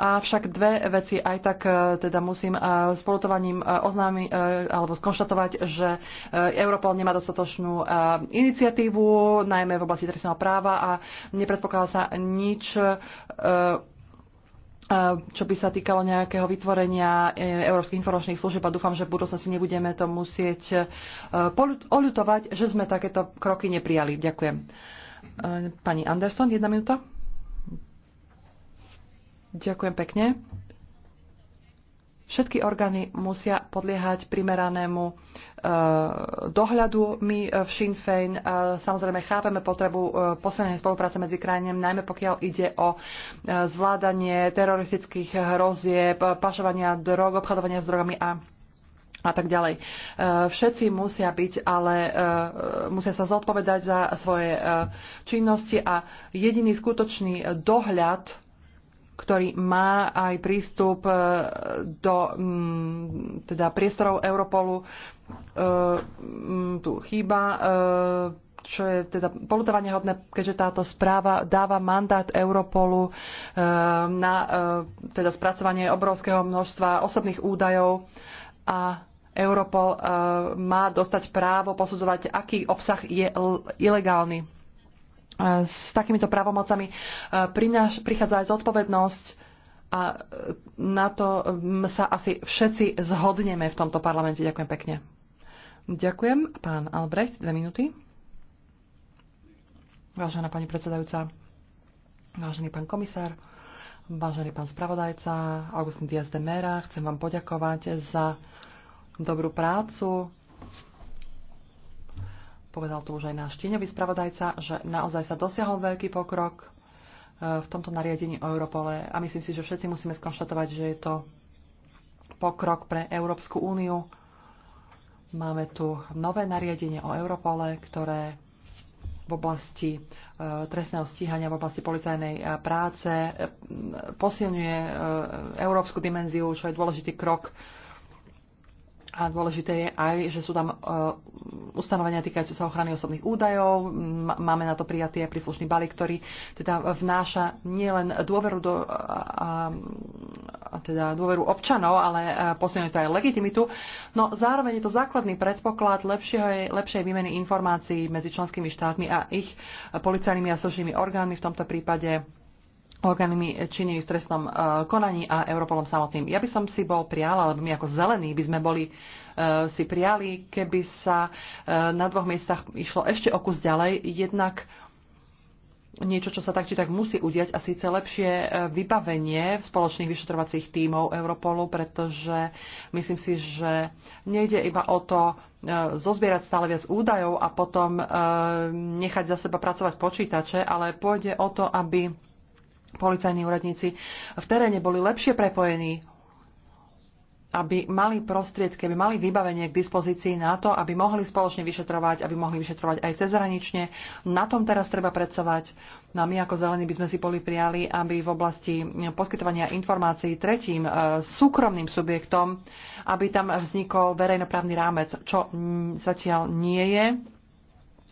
Avšak dve veci aj tak e, teda musím e, s polutovaním e, oznámiť alebo skonštatovať, že Europol nemá dostatočnú iniciatívu, najmä v oblasti trestného práva a nepredpokladá sa nič čo by sa týkalo nejakého vytvorenia európskych informačných služieb a dúfam, že v budúcnosti nebudeme to musieť oľutovať, že sme takéto kroky neprijali. Ďakujem. Pani Anderson, jedna minúta. Ďakujem pekne. Všetky orgány musia podliehať primeranému e, dohľadu. My e, v Sinn Féin e, samozrejme chápeme potrebu e, posilnenia spolupráce medzi krajinami, najmä pokiaľ ide o zvládanie teroristických hrozieb, pašovania drog, obchodovania s drogami a a tak ďalej. Všetci musia byť, ale musia sa zodpovedať za svoje činnosti a jediný skutočný dohľad ktorý má aj prístup e, do mm, teda priestorov Europolu. E, mm, tu chýba, e, čo je teda polutovanie hodné, keďže táto správa dáva mandát Europolu na teda spracovanie obrovského množstva osobných údajov a Europol má dostať právo posudzovať, aký obsah je ilegálny s takýmito právomocami e, prináš, prichádza aj zodpovednosť a e, na to sa asi všetci zhodneme v tomto parlamente. Ďakujem pekne. Ďakujem. Pán Albrecht, dve minúty. Vážená pani predsedajúca, vážený pán komisár, vážený pán spravodajca, Augustin Diaz de Mera, chcem vám poďakovať za dobrú prácu, povedal to už aj náš tieňový spravodajca, že naozaj sa dosiahol veľký pokrok e, v tomto nariadení o Europole a myslím si, že všetci musíme skonštatovať, že je to pokrok pre Európsku úniu. Máme tu nové nariadenie o Europole, ktoré v oblasti e, trestného stíhania, v oblasti policajnej e, práce posilňuje európsku dimenziu, čo je dôležitý krok a dôležité je aj, že sú tam ustanovenia týkajúce sa ochrany osobných údajov. Máme na to prijatý aj príslušný balík, ktorý teda vnáša nielen dôveru do a, a teda dôveru občanov, ale e, posilňuje to aj legitimitu. No zároveň je to základný predpoklad lepšieho, lepšej výmeny informácií medzi členskými štátmi a ich policajnými a sočnými orgánmi v tomto prípade orgánmi činnými v trestnom e, konaní a Europolom samotným. Ja by som si bol prial, alebo my ako zelení by sme boli e, si priali, keby sa e, na dvoch miestach išlo ešte o kus ďalej, jednak niečo, čo sa tak či tak musí udiať a síce lepšie vybavenie v spoločných vyšetrovacích tímov Europolu, pretože myslím si, že nejde iba o to zozbierať stále viac údajov a potom nechať za seba pracovať počítače, ale pôjde o to, aby policajní úradníci v teréne boli lepšie prepojení, aby mali prostriedky, aby mali vybavenie k dispozícii na to, aby mohli spoločne vyšetrovať, aby mohli vyšetrovať aj cezhranične. Na tom teraz treba pracovať. No a my ako zelení by sme si boli prijali, aby v oblasti poskytovania informácií tretím e, súkromným subjektom, aby tam vznikol verejnoprávny rámec, čo zatiaľ nie je.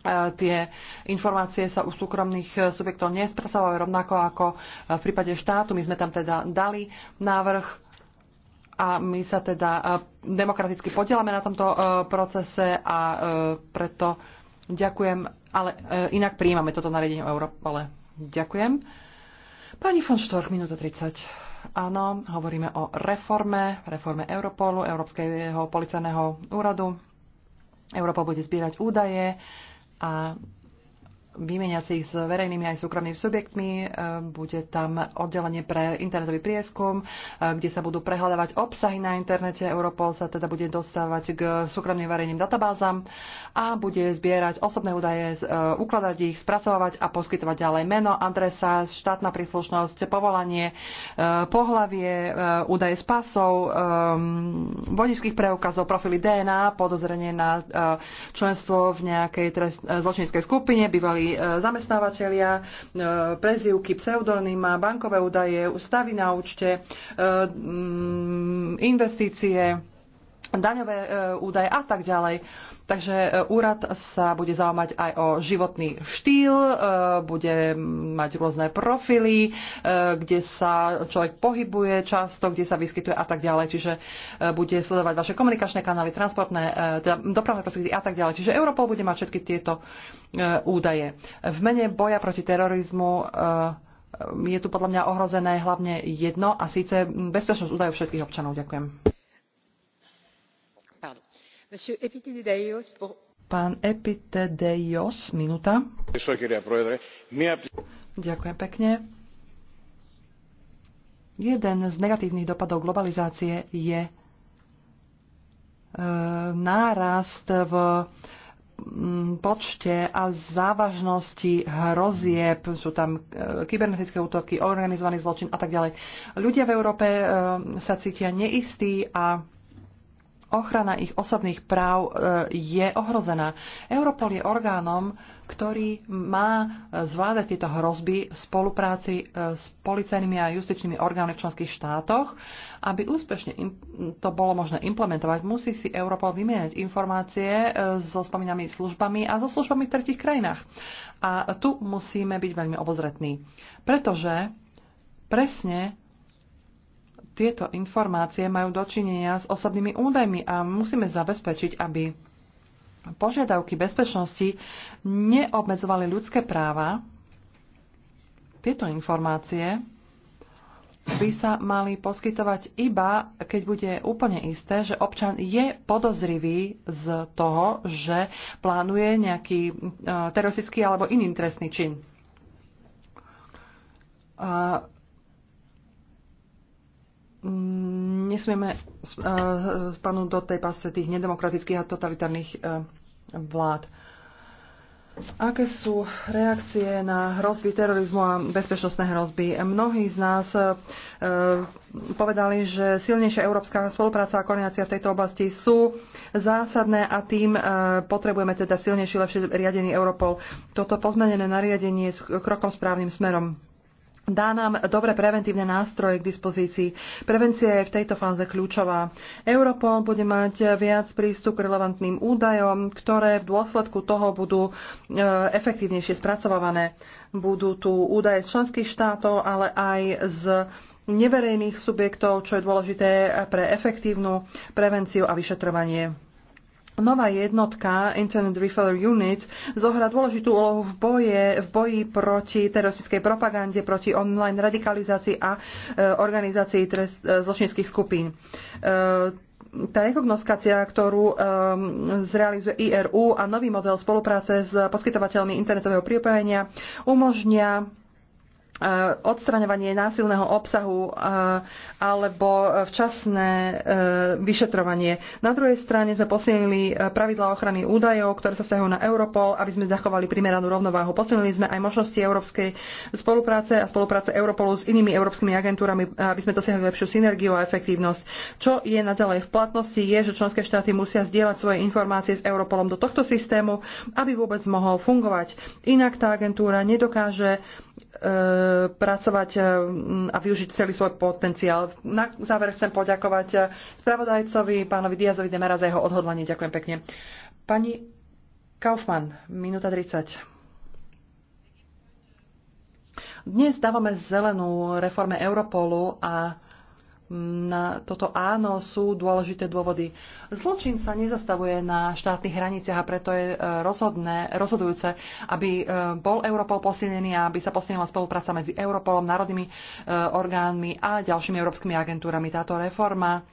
E, tie informácie sa u súkromných e, subjektov nespracovajú rovnako ako e, v prípade štátu. My sme tam teda dali návrh a my sa teda demokraticky podielame na tomto procese a preto ďakujem, ale inak prijímame toto nariadenie o Európole. Ďakujem. Pani von Štorch, minúta 30. Áno, hovoríme o reforme, reforme Europolu, Európskeho policajného úradu. Európa bude zbierať údaje, a ich s verejnými aj súkromnými subjektmi. E, bude tam oddelenie pre internetový prieskum, e, kde sa budú prehľadávať obsahy na internete. Europol sa teda bude dostávať k súkromným verejným databázam a bude zbierať osobné údaje, e, ukladať ich, spracovávať a poskytovať ďalej meno, adresa, štátna príslušnosť, povolanie, pohlavie, údaje z pasov, vodičských preukazov, profily DNA, podozrenie na členstvo v nejakej trest, zločinskej skupine, bývalý E, zamestnávateľia, e, prezývky, pseudonyma, bankové údaje, stavy na účte, e, investície, daňové údaje a tak ďalej. Takže e, úrad sa bude zaujímať aj o životný štýl, e, bude mať rôzne profily, e, kde sa človek pohybuje často, kde sa vyskytuje a tak ďalej. Čiže bude sledovať vaše komunikačné kanály, transportné, teda dopravné prostriedky a tak ďalej. Čiže Europol bude mať všetky tieto údaje. V mene boja proti terorizmu je tu podľa mňa ohrozené hlavne jedno a síce bezpečnosť údajov všetkých občanov. Ďakujem. Pán Epitedeios, minúta. Ďakujem pekne. Jeden z negatívnych dopadov globalizácie je e, nárast v počte a závažnosti hrozieb, sú tam e, kybernetické útoky, organizovaný zločin a tak ďalej. Ľudia v Európe e, sa cítia neistí a ochrana ich osobných práv e, je ohrozená. Europol je orgánom, ktorý má e, zvládať tieto hrozby v spolupráci e, s policajnými a justičnými orgánmi v členských štátoch. Aby úspešne to bolo možné implementovať, musí si Europol vymieňať informácie so spomínanými službami a so službami v tretich krajinách. A tu musíme byť veľmi obozretní, pretože presne tieto informácie majú dočinenia s osobnými údajmi a musíme zabezpečiť, aby požiadavky bezpečnosti neobmedzovali ľudské práva. Tieto informácie by sa mali poskytovať iba, keď bude úplne isté, že občan je podozrivý z toho, že plánuje nejaký e, teroristický alebo iný trestný čin. Mm, nesmieme spadnúť eh, do tej pasce tých nedemokratických a totalitárnych eh, vlád. Aké sú reakcie na hrozby terorizmu a bezpečnostné hrozby? Mnohí z nás e, povedali, že silnejšia európska spolupráca a koordinácia v tejto oblasti sú zásadné a tým e, potrebujeme teda silnejší, lepšie riadený Europol. Toto pozmenené nariadenie je krokom správnym smerom dá nám dobre preventívne nástroje k dispozícii. Prevencia je v tejto fáze kľúčová. Europol bude mať viac prístup k relevantným údajom, ktoré v dôsledku toho budú e, efektívnejšie spracovávané. Budú tu údaje z členských štátov, ale aj z neverejných subjektov, čo je dôležité pre efektívnu prevenciu a vyšetrovanie. Nová jednotka Internet Referral Unit zohrá dôležitú úlohu v, boje, v boji proti teroristickej propagande, proti online radikalizácii a e, organizácii trest, e, zločinských skupín. E, tá rekognoskácia, ktorú um, zrealizuje IRU a nový model spolupráce s poskytovateľmi internetového pripojenia umožňa Eh, odstraňovanie násilného obsahu eh, alebo včasné eh, vyšetrovanie. Na druhej strane sme posilnili pravidlá ochrany údajov, ktoré sa stahujú na Europol, aby sme zachovali primeranú rovnováhu. Posilnili sme aj možnosti európskej spolupráce a spolupráce Europolu s inými európskymi agentúrami, aby sme dosiahli lepšiu synergiu a efektívnosť. Čo je naďalej v platnosti je, že členské štáty musia zdieľať svoje informácie s Europolom do tohto systému, aby vôbec mohol fungovať. Inak tá agentúra nedokáže E, pracovať e, a využiť celý svoj potenciál. Na záver chcem poďakovať e, spravodajcovi, pánovi Diazovi Demera za jeho odhodlanie. Ďakujem pekne. Pani Kaufmann, minúta 30. Dnes dávame zelenú reforme Europolu a na toto áno sú dôležité dôvody. Zločin sa nezastavuje na štátnych hraniciach a preto je e, rozhodné, rozhodujúce, aby e, bol Europol posilnený a aby sa posilnila spolupráca medzi Europolom, národnými e, orgánmi a ďalšími európskymi agentúrami. Táto reforma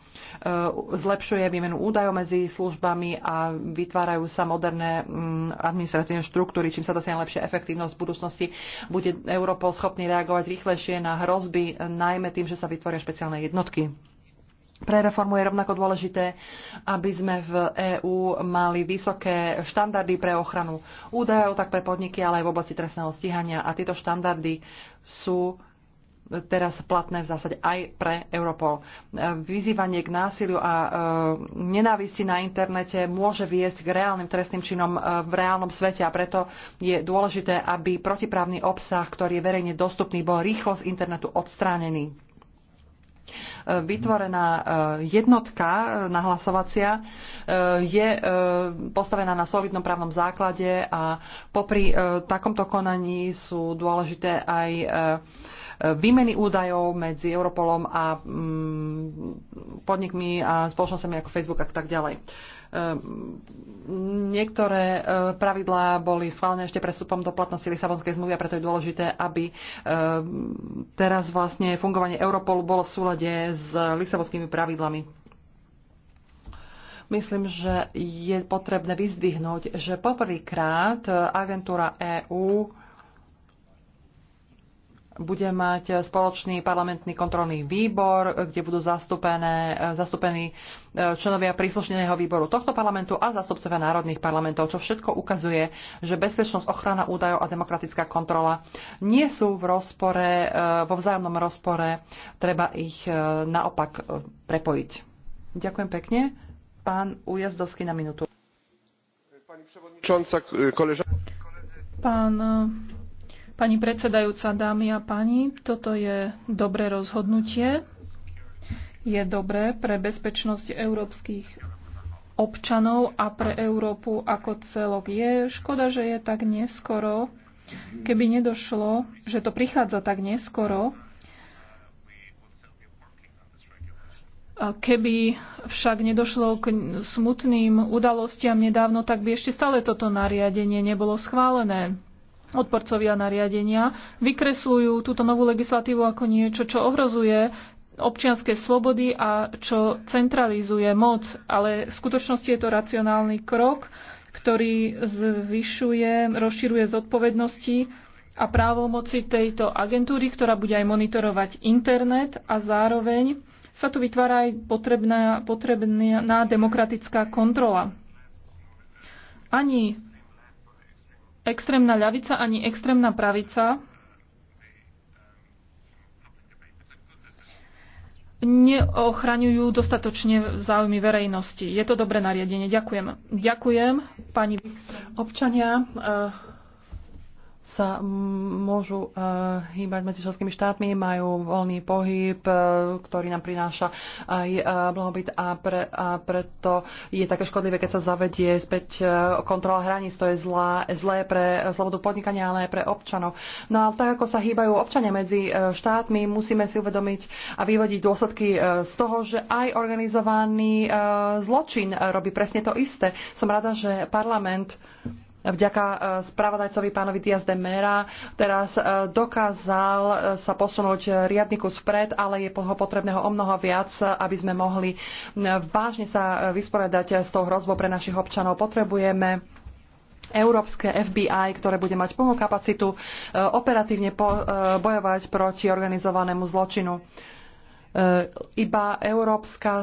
zlepšuje výmenu údajov medzi službami a vytvárajú sa moderné mm, administratívne štruktúry, čím sa dosiahne lepšia efektívnosť v budúcnosti. Bude Europol schopný reagovať rýchlejšie na hrozby, najmä tým, že sa vytvoria špeciálne jednotky jednotky. Pre reformu je rovnako dôležité, aby sme v EÚ mali vysoké štandardy pre ochranu údajov, tak pre podniky, ale aj v oblasti trestného stíhania. A tieto štandardy sú teraz platné v zásade aj pre Europol. Vyzývanie k násiliu a e, nenávisti na internete môže viesť k reálnym trestným činom e, v reálnom svete a preto je dôležité, aby protiprávny obsah, ktorý je verejne dostupný, bol rýchlo z internetu odstránený vytvorená e, jednotka e, nahlasovacia e, je postavená na solidnom právnom základe a popri takomto konaní sú dôležité aj výmeny údajov medzi Europolom a mm, podnikmi a spoločnosťami ako Facebook a tak ďalej. Ehm, niektoré eh, pravidlá boli schválené ešte pred vstupom do platnosti Lisabonskej zmluvy a preto je dôležité, aby ehm, teraz vlastne fungovanie Europolu bolo v súlade s lisabonskými pravidlami. Myslím, že je potrebné vyzdvihnúť, že poprvýkrát eh, agentúra EÚ bude mať spoločný parlamentný kontrolný výbor, kde budú zastúpené, zastúpení e, členovia príslušného výboru tohto parlamentu a zastupcovia národných parlamentov, čo všetko ukazuje, že bezpečnosť, ochrana údajov a demokratická kontrola nie sú v rozpore, e, vo vzájomnom rozpore, treba ich e, naopak prepojiť. Ďakujem pekne. Pán Ujazdovský na minútu. Pán Pani predsedajúca, dámy a páni, toto je dobré rozhodnutie. Je dobré pre bezpečnosť európskych občanov a pre Európu ako celok. Je škoda, že je tak neskoro, keby nedošlo, že to prichádza tak neskoro, Keby však nedošlo k smutným udalostiam nedávno, tak by ešte stále toto nariadenie nebolo schválené odporcovia nariadenia vykresľujú túto novú legislatívu ako niečo, čo ohrozuje občianske slobody a čo centralizuje moc. Ale v skutočnosti je to racionálny krok, ktorý zvyšuje, rozširuje zodpovednosti a právomoci tejto agentúry, ktorá bude aj monitorovať internet a zároveň sa tu vytvára aj potrebná, potrebná demokratická kontrola. Ani extrémna ľavica ani extrémna pravica neochraňujú dostatočne záujmy verejnosti. Je to dobré nariadenie. Ďakujem. Ďakujem, pani. Občania eh, sa môžu e, hýbať medzi členskými štátmi, majú voľný pohyb, e, ktorý nám prináša aj e, blahobyt a, pre, a preto je také škodlivé, keď sa zavedie späť kontrola hraníc. To je zlá, zlé pre slobodu podnikania, ale aj pre občanov. No ale tak, ako sa hýbajú občania medzi štátmi, musíme si uvedomiť a vyvodiť dôsledky z toho, že aj organizovaný zločin robí presne to isté. Som rada, že parlament vďaka e, spravodajcovi pánovi Diaz de Mera teraz e, dokázal e, sa posunúť riadny kus vpred, ale je ho potrebného o mnoho viac, aby sme mohli vážne sa vysporiadať s tou hrozbou pre našich občanov. Potrebujeme európske FBI, ktoré bude mať plnú kapacitu operatívne bojovať proti organizovanému zločinu. E, iba európska,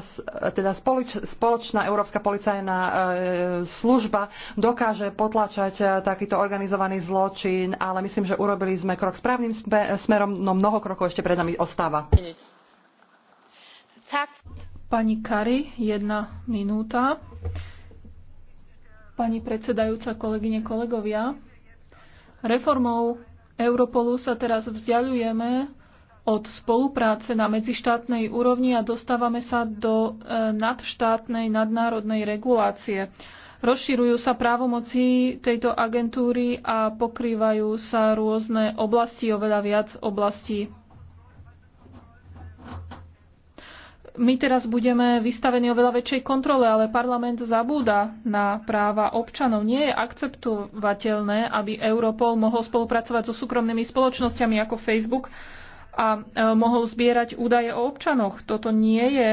teda spoloč, spoločná európska policajná e, služba dokáže potlačať e, takýto organizovaný zločin, ale myslím, že urobili sme krok správnym smerom, no mnoho krokov ešte pred nami ostáva. Pani Kari, jedna minúta. Pani predsedajúca, kolegyne, kolegovia, reformou Europolu sa teraz vzdialujeme od spolupráce na medzištátnej úrovni a dostávame sa do e, nadštátnej, nadnárodnej regulácie. Rozširujú sa právomoci tejto agentúry a pokrývajú sa rôzne oblasti, oveľa viac oblastí. My teraz budeme vystavení oveľa väčšej kontrole, ale parlament zabúda na práva občanov. Nie je akceptovateľné, aby Europol mohol spolupracovať so súkromnými spoločnosťami ako Facebook, a e, mohol zbierať údaje o občanoch. Toto nie je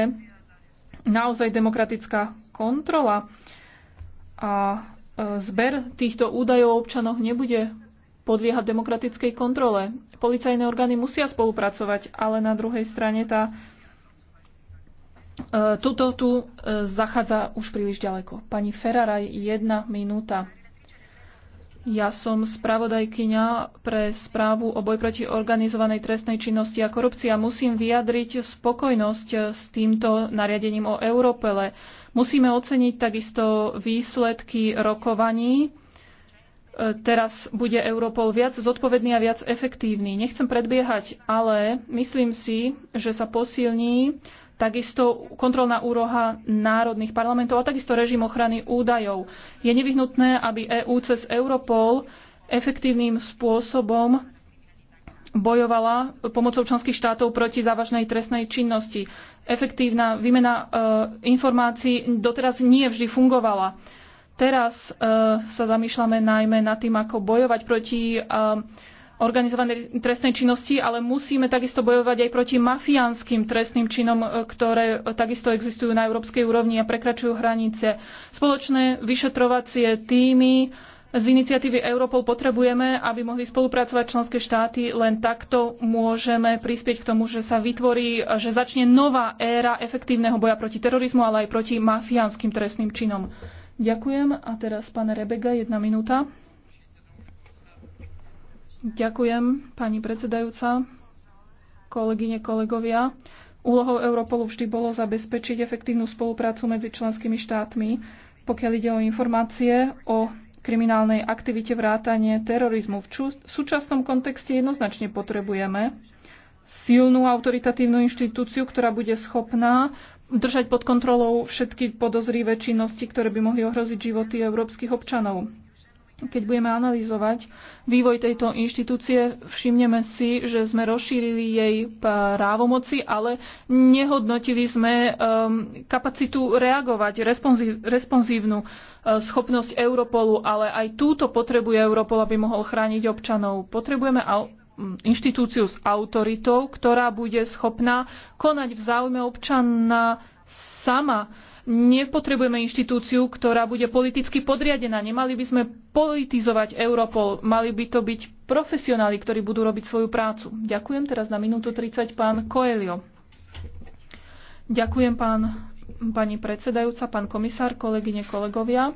naozaj demokratická kontrola a e, zber týchto údajov o občanoch nebude podliehať demokratickej kontrole. Policajné orgány musia spolupracovať, ale na druhej strane tá e, Tuto tu zachádza už príliš ďaleko. Pani Ferrara, jedna minúta. Ja som spravodajkyňa pre správu o boj proti organizovanej trestnej činnosti a korupcii a musím vyjadriť spokojnosť s týmto nariadením o Európele. Musíme oceniť takisto výsledky rokovaní. Teraz bude Europol viac zodpovedný a viac efektívny. Nechcem predbiehať, ale myslím si, že sa posilní takisto kontrolná úroha národných parlamentov a takisto režim ochrany údajov. Je nevyhnutné, aby EÚ EU cez Europol efektívnym spôsobom bojovala pomocou členských štátov proti závažnej trestnej činnosti. Efektívna výmena e, informácií doteraz nie vždy fungovala. Teraz e, sa zamýšľame najmä nad tým, ako bojovať proti e, organizovanej trestnej činnosti, ale musíme takisto bojovať aj proti mafiánskym trestným činom, e, ktoré takisto existujú na európskej úrovni a prekračujú hranice. Spoločné vyšetrovacie týmy z iniciatívy Europol potrebujeme, aby mohli spolupracovať členské štáty. Len takto môžeme prispieť k tomu, že sa vytvorí, že začne nová éra efektívneho boja proti terorizmu, ale aj proti mafiánskym trestným činom. Ďakujem. A teraz, pán Rebega, jedna minúta. Ďakujem, pani predsedajúca, kolegyne, kolegovia. Úlohou Europolu vždy bolo zabezpečiť efektívnu spoluprácu medzi členskými štátmi, pokiaľ ide o informácie o kriminálnej aktivite vrátanie terorizmu. V, ču- v súčasnom kontexte jednoznačne potrebujeme silnú autoritatívnu inštitúciu, ktorá bude schopná držať pod kontrolou všetky podozrivé činnosti, ktoré by mohli ohroziť životy európskych občanov keď budeme analyzovať vývoj tejto inštitúcie, všimneme si, že sme rozšírili jej právomoci, ale nehodnotili sme um, kapacitu reagovať, responsív, responsívnu uh, schopnosť Europolu, ale aj túto potrebuje Europol, aby mohol chrániť občanov. Potrebujeme inštitúciu s autoritou, ktorá bude schopná konať v záujme občana sama Nepotrebujeme inštitúciu, ktorá bude politicky podriadená. Nemali by sme politizovať Europol. Mali by to byť profesionáli, ktorí budú robiť svoju prácu. Ďakujem teraz na minútu 30 pán Coelho. Ďakujem pán, pani predsedajúca, pán komisár, kolegyne, kolegovia.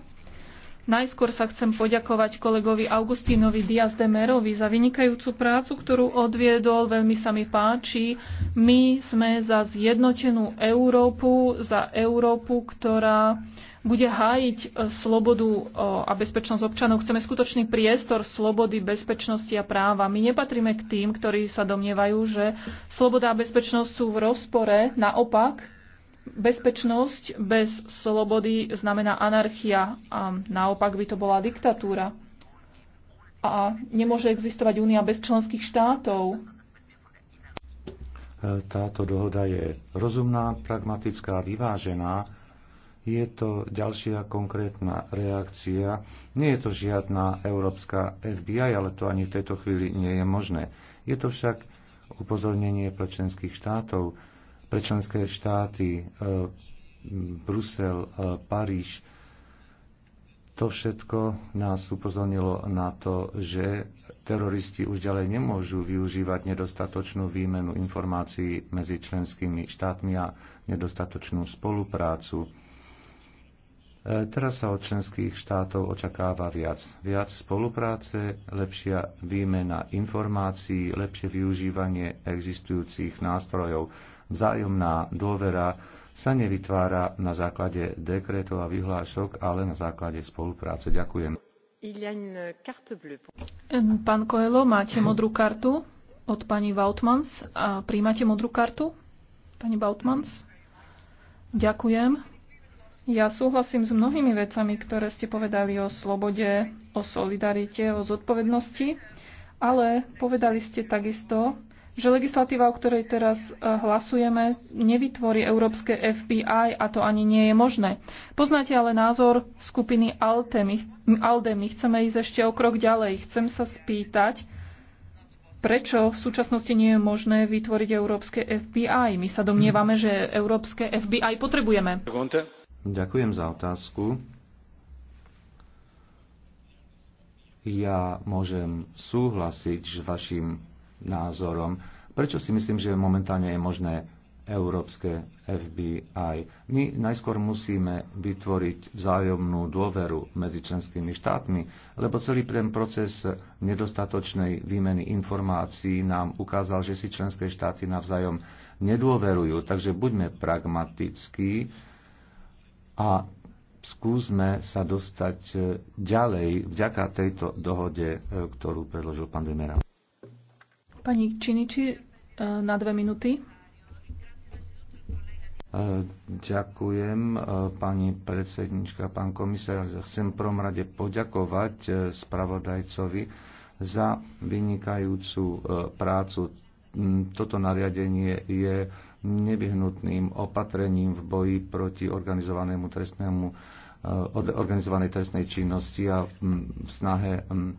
Najskôr sa chcem poďakovať kolegovi Augustínovi Diaz de Merovi za vynikajúcu prácu, ktorú odviedol. Veľmi sa mi páči. My sme za zjednotenú Európu, za Európu, ktorá bude hájiť e, slobodu e, a bezpečnosť občanov. Chceme skutočný priestor slobody, bezpečnosti a práva. My nepatríme k tým, ktorí sa domnievajú, že sloboda a bezpečnosť sú v rozpore. Naopak, Bezpečnosť bez slobody znamená anarchia a naopak by to bola diktatúra. A nemôže existovať únia bez členských štátov. E, táto dohoda je rozumná, pragmatická, vyvážená. Je to ďalšia konkrétna reakcia. Nie je to žiadna európska FBI, ale to ani v tejto chvíli nie je možné. Je to však upozornenie pre členských štátov, pre členské štáty, e, Brusel, e, Paríž, to všetko nás upozornilo na to, že teroristi už ďalej nemôžu využívať nedostatočnú výmenu informácií medzi členskými štátmi a nedostatočnú spoluprácu. E, teraz sa od členských štátov očakáva viac. Viac spolupráce, lepšia výmena informácií, lepšie využívanie existujúcich nástrojov. Vzájomná dôvera sa nevytvára na základe dekretov a vyhlášok, ale na základe spolupráce. Ďakujem. Pán Koelo, máte modrú kartu od pani Vautmans. A príjmate modrú kartu? Pani Vautmans? Ďakujem. Ja súhlasím s mnohými vecami, ktoré ste povedali o slobode, o solidarite, o zodpovednosti, ale povedali ste takisto, že legislatíva, o ktorej teraz e, hlasujeme, nevytvorí európske FBI a to ani nie je možné. Poznáte ale názor skupiny ALDE. My, ALDE, my chceme ísť ešte o krok ďalej. Chcem sa spýtať, prečo v súčasnosti nie je možné vytvoriť európske FBI. My sa domnievame, že európske FBI potrebujeme. Ďakujem za otázku. Ja môžem súhlasiť s vašim názorom. Prečo si myslím, že momentálne je možné európske FBI. My najskôr musíme vytvoriť vzájomnú dôveru medzi členskými štátmi, lebo celý ten proces nedostatočnej výmeny informácií nám ukázal, že si členské štáty navzájom nedôverujú. Takže buďme pragmatickí a skúsme sa dostať ďalej vďaka tejto dohode, ktorú predložil pán Demera. Pani Činiči, e, na dve minúty. E, ďakujem, e, pani predsednička, pán komisár. Chcem prvom rade poďakovať spravodajcovi za vynikajúcu prácu. Mm, toto nariadenie je nevyhnutným opatrením v boji proti organizovanému trestnému organizovanej trestnej činnosti a mm, v snahe mm,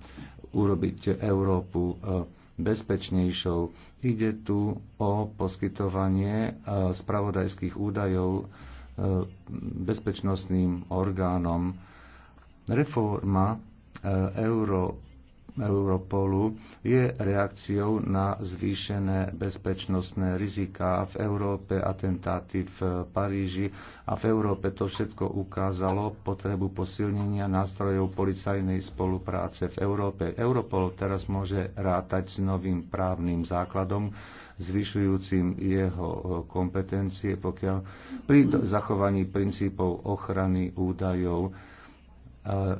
urobiť Európu bezpečnejšou. Ide tu o poskytovanie e, spravodajských údajov e, bezpečnostným orgánom. Reforma e, euro Europolu je reakciou na zvýšené bezpečnostné riziká v Európe, atentáty v Paríži a v Európe to všetko ukázalo potrebu posilnenia nástrojov policajnej spolupráce v Európe. Europol teraz môže rátať s novým právnym základom, zvyšujúcim jeho kompetencie pokiaľ pri zachovaní princípov ochrany údajov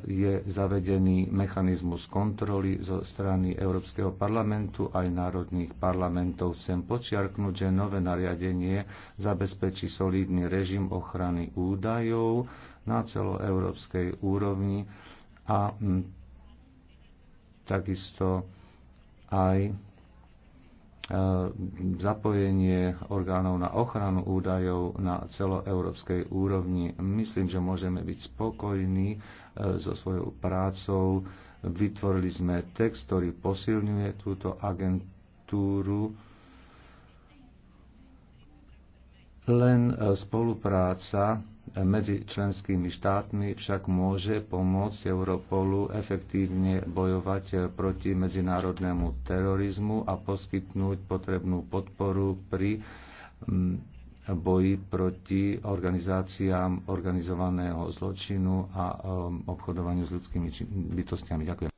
je zavedený mechanizmus kontroly zo strany Európskeho parlamentu aj národných parlamentov. Chcem počiarknúť, že nové nariadenie zabezpečí solidný režim ochrany údajov na celoeurópskej úrovni a mm, takisto aj e, zapojenie orgánov na ochranu údajov na celoeurópskej úrovni. Myslím, že môžeme byť spokojní so svojou prácou. Vytvorili sme text, ktorý posilňuje túto agentúru. Len e, spolupráca e, medzi členskými štátmi však môže pomôcť Europolu efektívne bojovať e, proti medzinárodnému terorizmu a poskytnúť potrebnú podporu pri boji proti organizáciám organizovaného zločinu a um, obchodovaniu s ľudskými bytostiami. Ďakujem.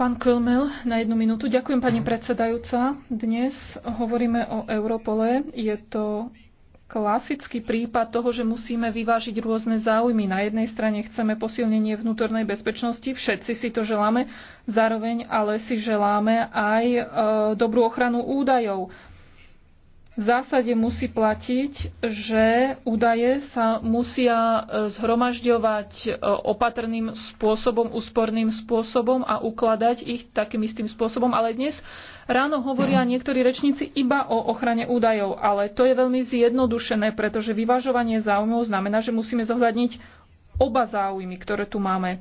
Pán Kölmel, na jednu minútu. Ďakujem, pani predsedajúca. Dnes hovoríme o Europole. Je to klasický prípad toho, že musíme vyvážiť rôzne záujmy. Na jednej strane chceme posilnenie vnútornej bezpečnosti, všetci si to želáme, zároveň ale si želáme aj e, dobrú ochranu údajov v zásade musí platiť, že údaje sa musia e, zhromažďovať e, opatrným spôsobom, úsporným spôsobom a ukladať ich takým istým spôsobom. Ale dnes ráno hovoria niektorí rečníci iba o ochrane údajov, ale to je veľmi zjednodušené, pretože vyvažovanie záujmov znamená, že musíme zohľadniť oba záujmy, ktoré tu máme.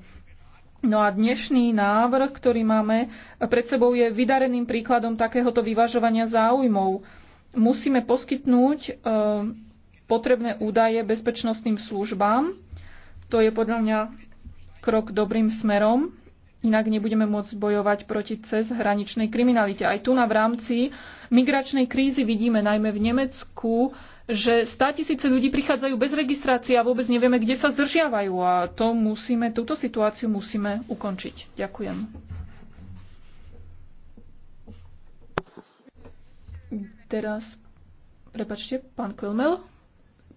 No a dnešný návrh, ktorý máme pred sebou, je vydareným príkladom takéhoto vyvažovania záujmov musíme poskytnúť eh, potrebné údaje bezpečnostným službám. To je podľa mňa krok dobrým smerom, inak nebudeme môcť bojovať proti cez hraničnej kriminalite. Aj tu na v rámci migračnej krízy vidíme najmä v Nemecku, že 100 tisíce ľudí prichádzajú bez registrácie a vôbec nevieme, kde sa zdržiavajú. A to musíme, túto situáciu musíme ukončiť. Ďakujem. Teraz, prepačte, pán Kölmel.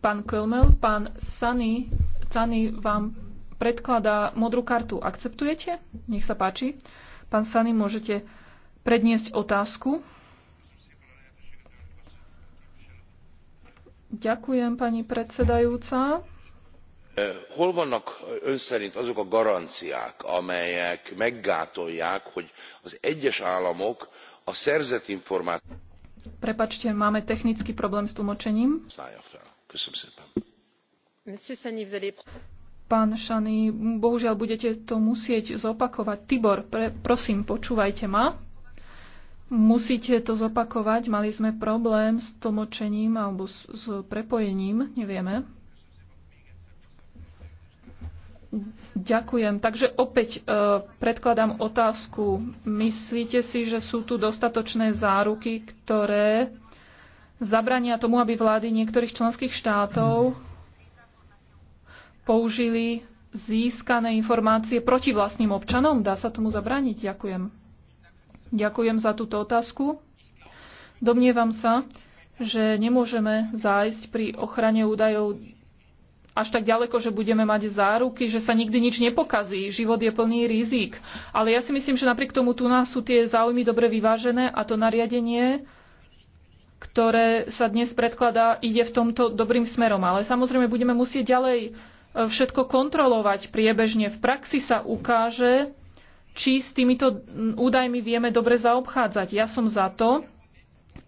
Pán Kölmel, pán Sany, Sany vám predkladá modrú kartu. Akceptujete? Nech sa páči. Pán Sany, môžete predniesť otázku. Ďakujem, pani predsedajúca. Hol vannak ön szerint azok a garanciák, amelyek meggátolják, hogy az egyes államok a szerzett információt Prepačte, máme technický problém s tlmočením. Pán Šany, bohužiaľ budete to musieť zopakovať. Tibor, pre, prosím, počúvajte ma. Musíte to zopakovať. Mali sme problém s tlmočením alebo s, s prepojením, nevieme. Ďakujem. Takže opäť e, predkladám otázku. Myslíte si, že sú tu dostatočné záruky, ktoré zabrania tomu, aby vlády niektorých členských štátov použili získané informácie proti vlastným občanom? Dá sa tomu zabrániť? Ďakujem. Ďakujem za túto otázku. Domnievam sa, že nemôžeme zájsť pri ochrane údajov až tak ďaleko, že budeme mať záruky, že sa nikdy nič nepokazí. Život je plný rizik. Ale ja si myslím, že napriek tomu tu nás sú tie záujmy dobre vyvážené a to nariadenie, ktoré sa dnes predkladá, ide v tomto dobrým smerom. Ale samozrejme budeme musieť ďalej e, všetko kontrolovať priebežne. V praxi sa ukáže, či s týmito údajmi vieme dobre zaobchádzať. Ja som za to,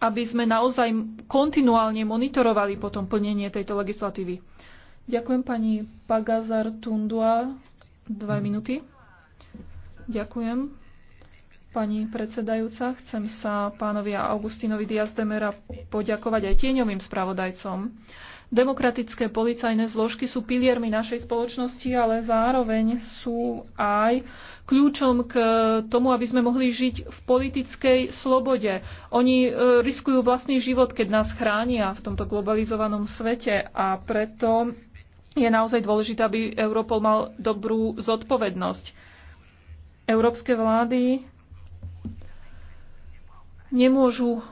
aby sme naozaj kontinuálne monitorovali potom plnenie tejto legislatívy. Ďakujem pani Pagazar Tundua. Dva mhm. minúty. Ďakujem. Pani predsedajúca, chcem sa pánovi Augustinovi Diaz Demera poďakovať aj tieňovým spravodajcom. Demokratické policajné zložky sú piliermi našej spoločnosti, ale zároveň sú aj kľúčom k tomu, aby sme mohli žiť v politickej slobode. Oni e, riskujú vlastný život, keď nás chránia v tomto globalizovanom svete a preto je naozaj dôležité, aby Europol mal dobrú zodpovednosť. Európske vlády nemôžu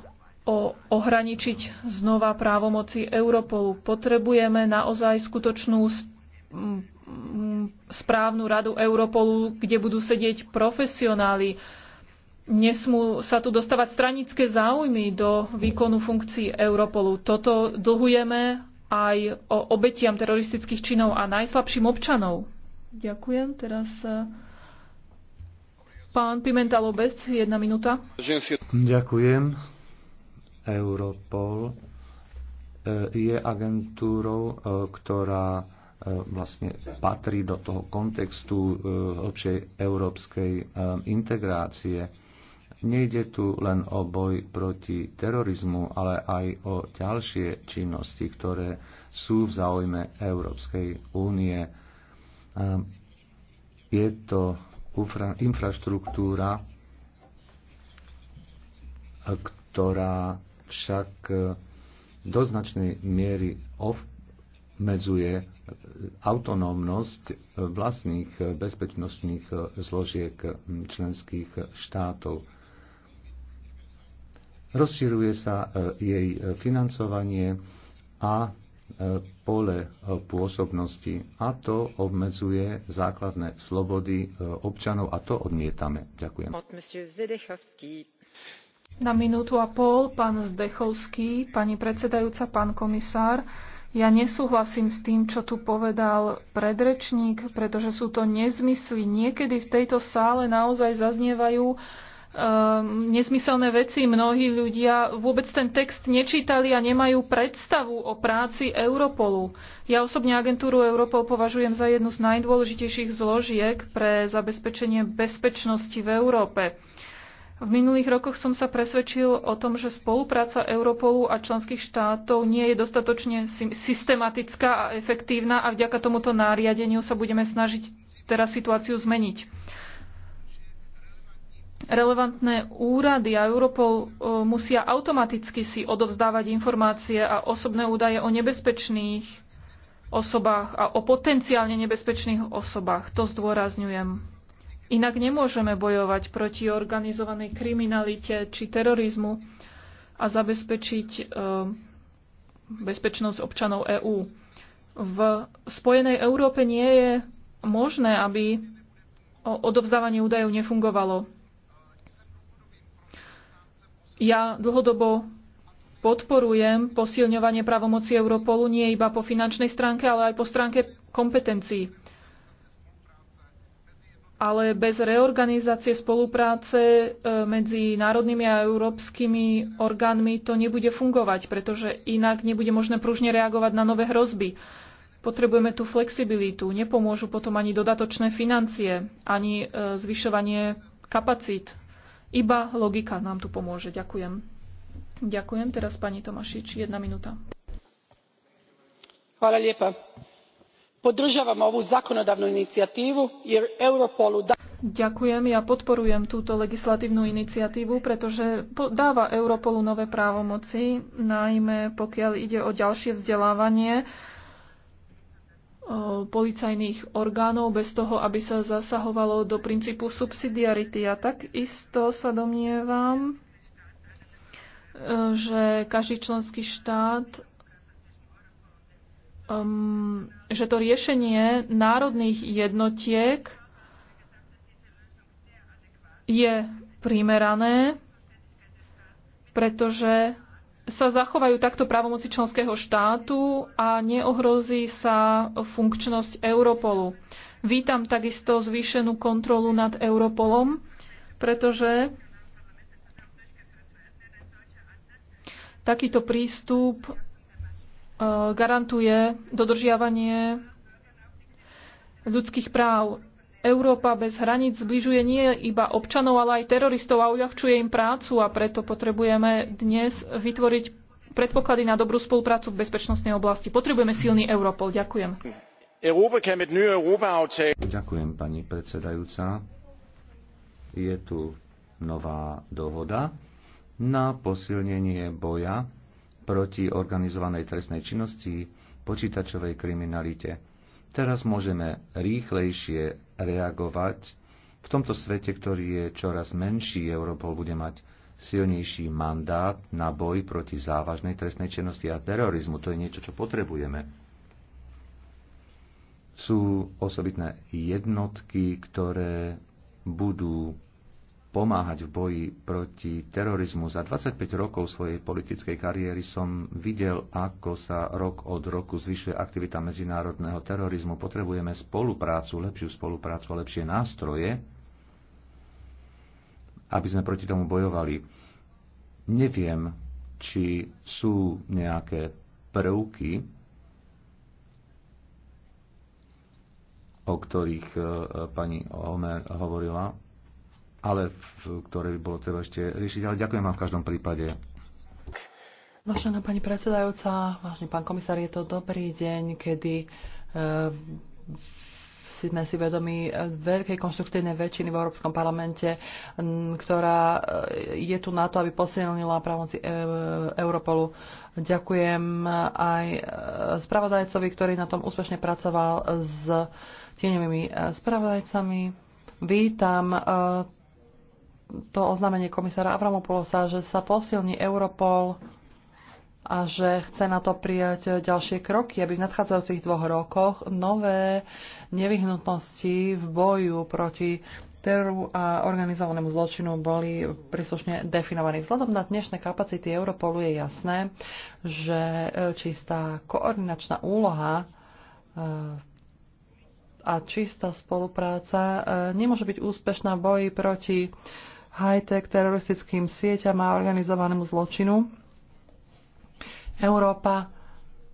o ohraničiť znova právomoci Europolu. Potrebujeme naozaj skutočnú správnu radu Europolu, kde budú sedieť profesionáli. Nesmú sa tu dostávať stranické záujmy do výkonu funkcií Europolu. Toto dlhujeme aj o obetiam teroristických činov a najslabším občanov. Ďakujem. Teraz e, pán Pimenta Lobes, jedna minúta. Ďakujem. Europol e, je agentúrou, e, ktorá vlastne patrí do toho kontextu hlbšej európskej integrácie Nejde tu len o boj proti terorizmu, ale aj o ďalšie činnosti, ktoré sú v záujme Európskej únie. Ehm, je to infraštruktúra, ktorá však e, do značnej miery obmedzuje e, autonómnosť e, vlastných bezpečnostných zložiek členských štátov Rozširuje sa e, jej e, financovanie a e, pole pôsobnosti a to obmedzuje základné slobody občanov a to odmietame. Ďakujem. Na minútu a pol pán Zdechovský, pani predsedajúca, pán komisár. Ja nesúhlasím s tým, čo tu povedal predrečník, pretože sú to nezmysly. Niekedy v tejto sále naozaj zaznievajú um, nesmyselné veci. Mnohí ľudia vôbec ten text nečítali a nemajú predstavu o práci Europolu. Ja osobne agentúru Europol považujem za jednu z najdôležitejších zložiek pre zabezpečenie bezpečnosti v Európe. V minulých rokoch som sa presvedčil o tom, že spolupráca Europolu a členských štátov nie je dostatočne systematická a efektívna a vďaka tomuto nariadeniu sa budeme snažiť teraz situáciu zmeniť relevantné úrady a Europol e, musia automaticky si odovzdávať informácie a osobné údaje o nebezpečných osobách a o potenciálne nebezpečných osobách. To zdôrazňujem. Inak nemôžeme bojovať proti organizovanej kriminalite či terorizmu a zabezpečiť e, bezpečnosť občanov EÚ. V spojenej Európe nie je možné, aby odovzdávanie údajov nefungovalo. Ja dlhodobo podporujem posilňovanie právomoci Europolu nie iba po finančnej stránke, ale aj po stránke kompetencií. Ale bez reorganizácie spolupráce e, medzi národnými a európskymi orgánmi to nebude fungovať, pretože inak nebude možné pružne reagovať na nové hrozby. Potrebujeme tú flexibilitu. Nepomôžu potom ani dodatočné financie, ani e, zvyšovanie kapacít iba logika nám tu pomôže. Ďakujem. Ďakujem. Teraz pani Tomašič, jedna minúta. Hvala lijepa. Podržavam ovu zakonodavnu inicijativu jer Europolu da... Ďakujem, ja podporujem túto legislatívnu iniciatívu, pretože dáva Europolu nové právomoci, najmä pokiaľ ide o ďalšie vzdelávanie policajných orgánov bez toho, aby sa zasahovalo do princípu subsidiarity. A takisto sa domnievam, e, že každý členský štát že to riešenie národných jednotiek je primerané, pretože sa zachovajú takto právomoci členského štátu a neohrozí sa funkčnosť Europolu. Vítam takisto zvýšenú kontrolu nad Europolom, pretože takýto prístup e, garantuje dodržiavanie ľudských práv. Európa bez hraníc zbližuje nie iba občanov, ale aj teroristov a uľahčuje im prácu a preto potrebujeme dnes vytvoriť predpoklady na dobrú spoluprácu v bezpečnostnej oblasti. Potrebujeme silný Europol. Ďakujem. Ďakujem, pani predsedajúca. Je tu nová dohoda na posilnenie boja proti organizovanej trestnej činnosti, počítačovej kriminalite Teraz môžeme rýchlejšie reagovať. V tomto svete, ktorý je čoraz menší, Europol bude mať silnejší mandát na boj proti závažnej trestnej činnosti a terorizmu. To je niečo, čo potrebujeme. Sú osobitné jednotky, ktoré budú pomáhať v boji proti terorizmu. Za 25 rokov svojej politickej kariéry som videl, ako sa rok od roku zvyšuje aktivita medzinárodného terorizmu. Potrebujeme spoluprácu, lepšiu spoluprácu a lepšie nástroje, aby sme proti tomu bojovali. Neviem, či sú nejaké prvky, o ktorých e, pani Homer hovorila, ale v, ktoré by bolo treba ešte riešiť. Ale ďakujem vám v každom prípade. Vážená pani predsedajúca, vážený pán komisár, je to dobrý deň, kedy e, sme si vedomi e, veľkej konštruktívnej väčšiny v Európskom parlamente, ktorá e, je tu na to, aby posilnila právomoci e, Europolu. Ďakujem aj spravodajcovi, ktorý na tom úspešne pracoval s tieňovými spravodajcami. Vítam to oznámenie komisára Avramopoulosa, že sa posilní Europol a že chce na to prijať ďalšie kroky, aby v nadchádzajúcich dvoch rokoch nové nevyhnutnosti v boju proti teroru a organizovanému zločinu boli príslušne definovaní. Vzhľadom na dnešné kapacity Europolu je jasné, že e, čistá koordinačná úloha e, a čistá spolupráca e, nemôže byť úspešná v boji proti high-tech teroristickým sieťam a organizovanému zločinu. Európa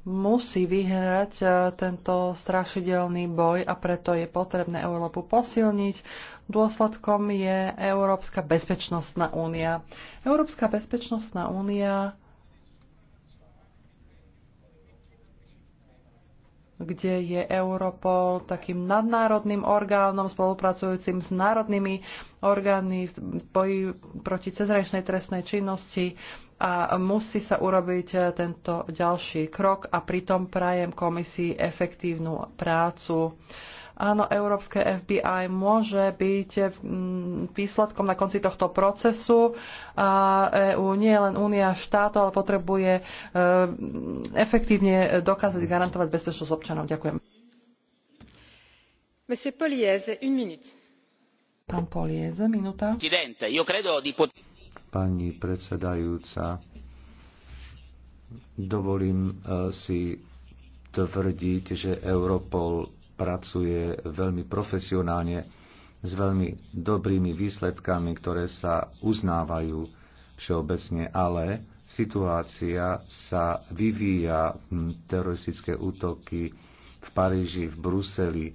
musí vyhrať e, tento strašidelný boj a preto je potrebné Európu posilniť. Dôsledkom je Európska bezpečnostná únia. Európska bezpečnostná únia kde je Europol takým nadnárodným orgánom spolupracujúcim s národnými orgánmi v boji proti cezrejšnej trestnej činnosti a musí sa urobiť eh, tento ďalší krok a pritom prajem komisii efektívnu prácu. Áno, Európske FBI môže byť mm, výsledkom na konci tohto procesu a EU nie je len únia štátov, ale potrebuje e, efektívne dokázať garantovať bezpečnosť občanov. Ďakujem. Monsieur Poliez, une minute. Pán Poliez, minúta. Pani predsedajúca, dovolím e, si tvrdiť, že Europol pracuje veľmi profesionálne s veľmi dobrými výsledkami, ktoré sa uznávajú všeobecne, ale situácia sa vyvíja, hm, teroristické útoky v Paríži, v Bruseli, e,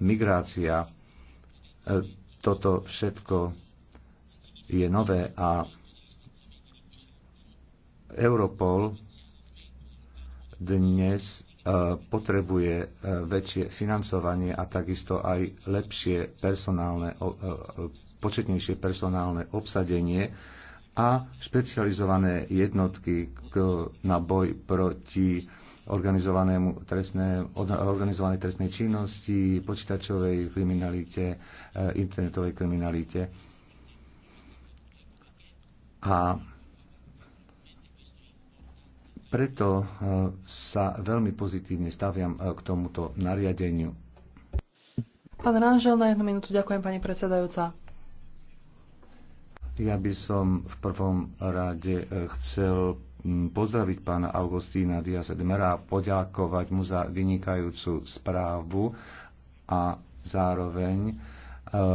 migrácia, e, toto všetko je nové a Europol dnes E, potrebuje e, väčšie financovanie a takisto aj lepšie personálne, e, početnejšie personálne obsadenie a špecializované jednotky na boj proti organizovanému trestné, organizovanej trestnej činnosti, počítačovej kriminalite, internetovej kriminalite. A preto e, sa veľmi pozitívne staviam e, k tomuto nariadeniu. Pán Ranžel, na jednu minútu ďakujem, pani predsedajúca. Ja by som v prvom rade e, chcel pozdraviť pána Augustína Diasa de Mera a poďakovať mu za vynikajúcu správu a zároveň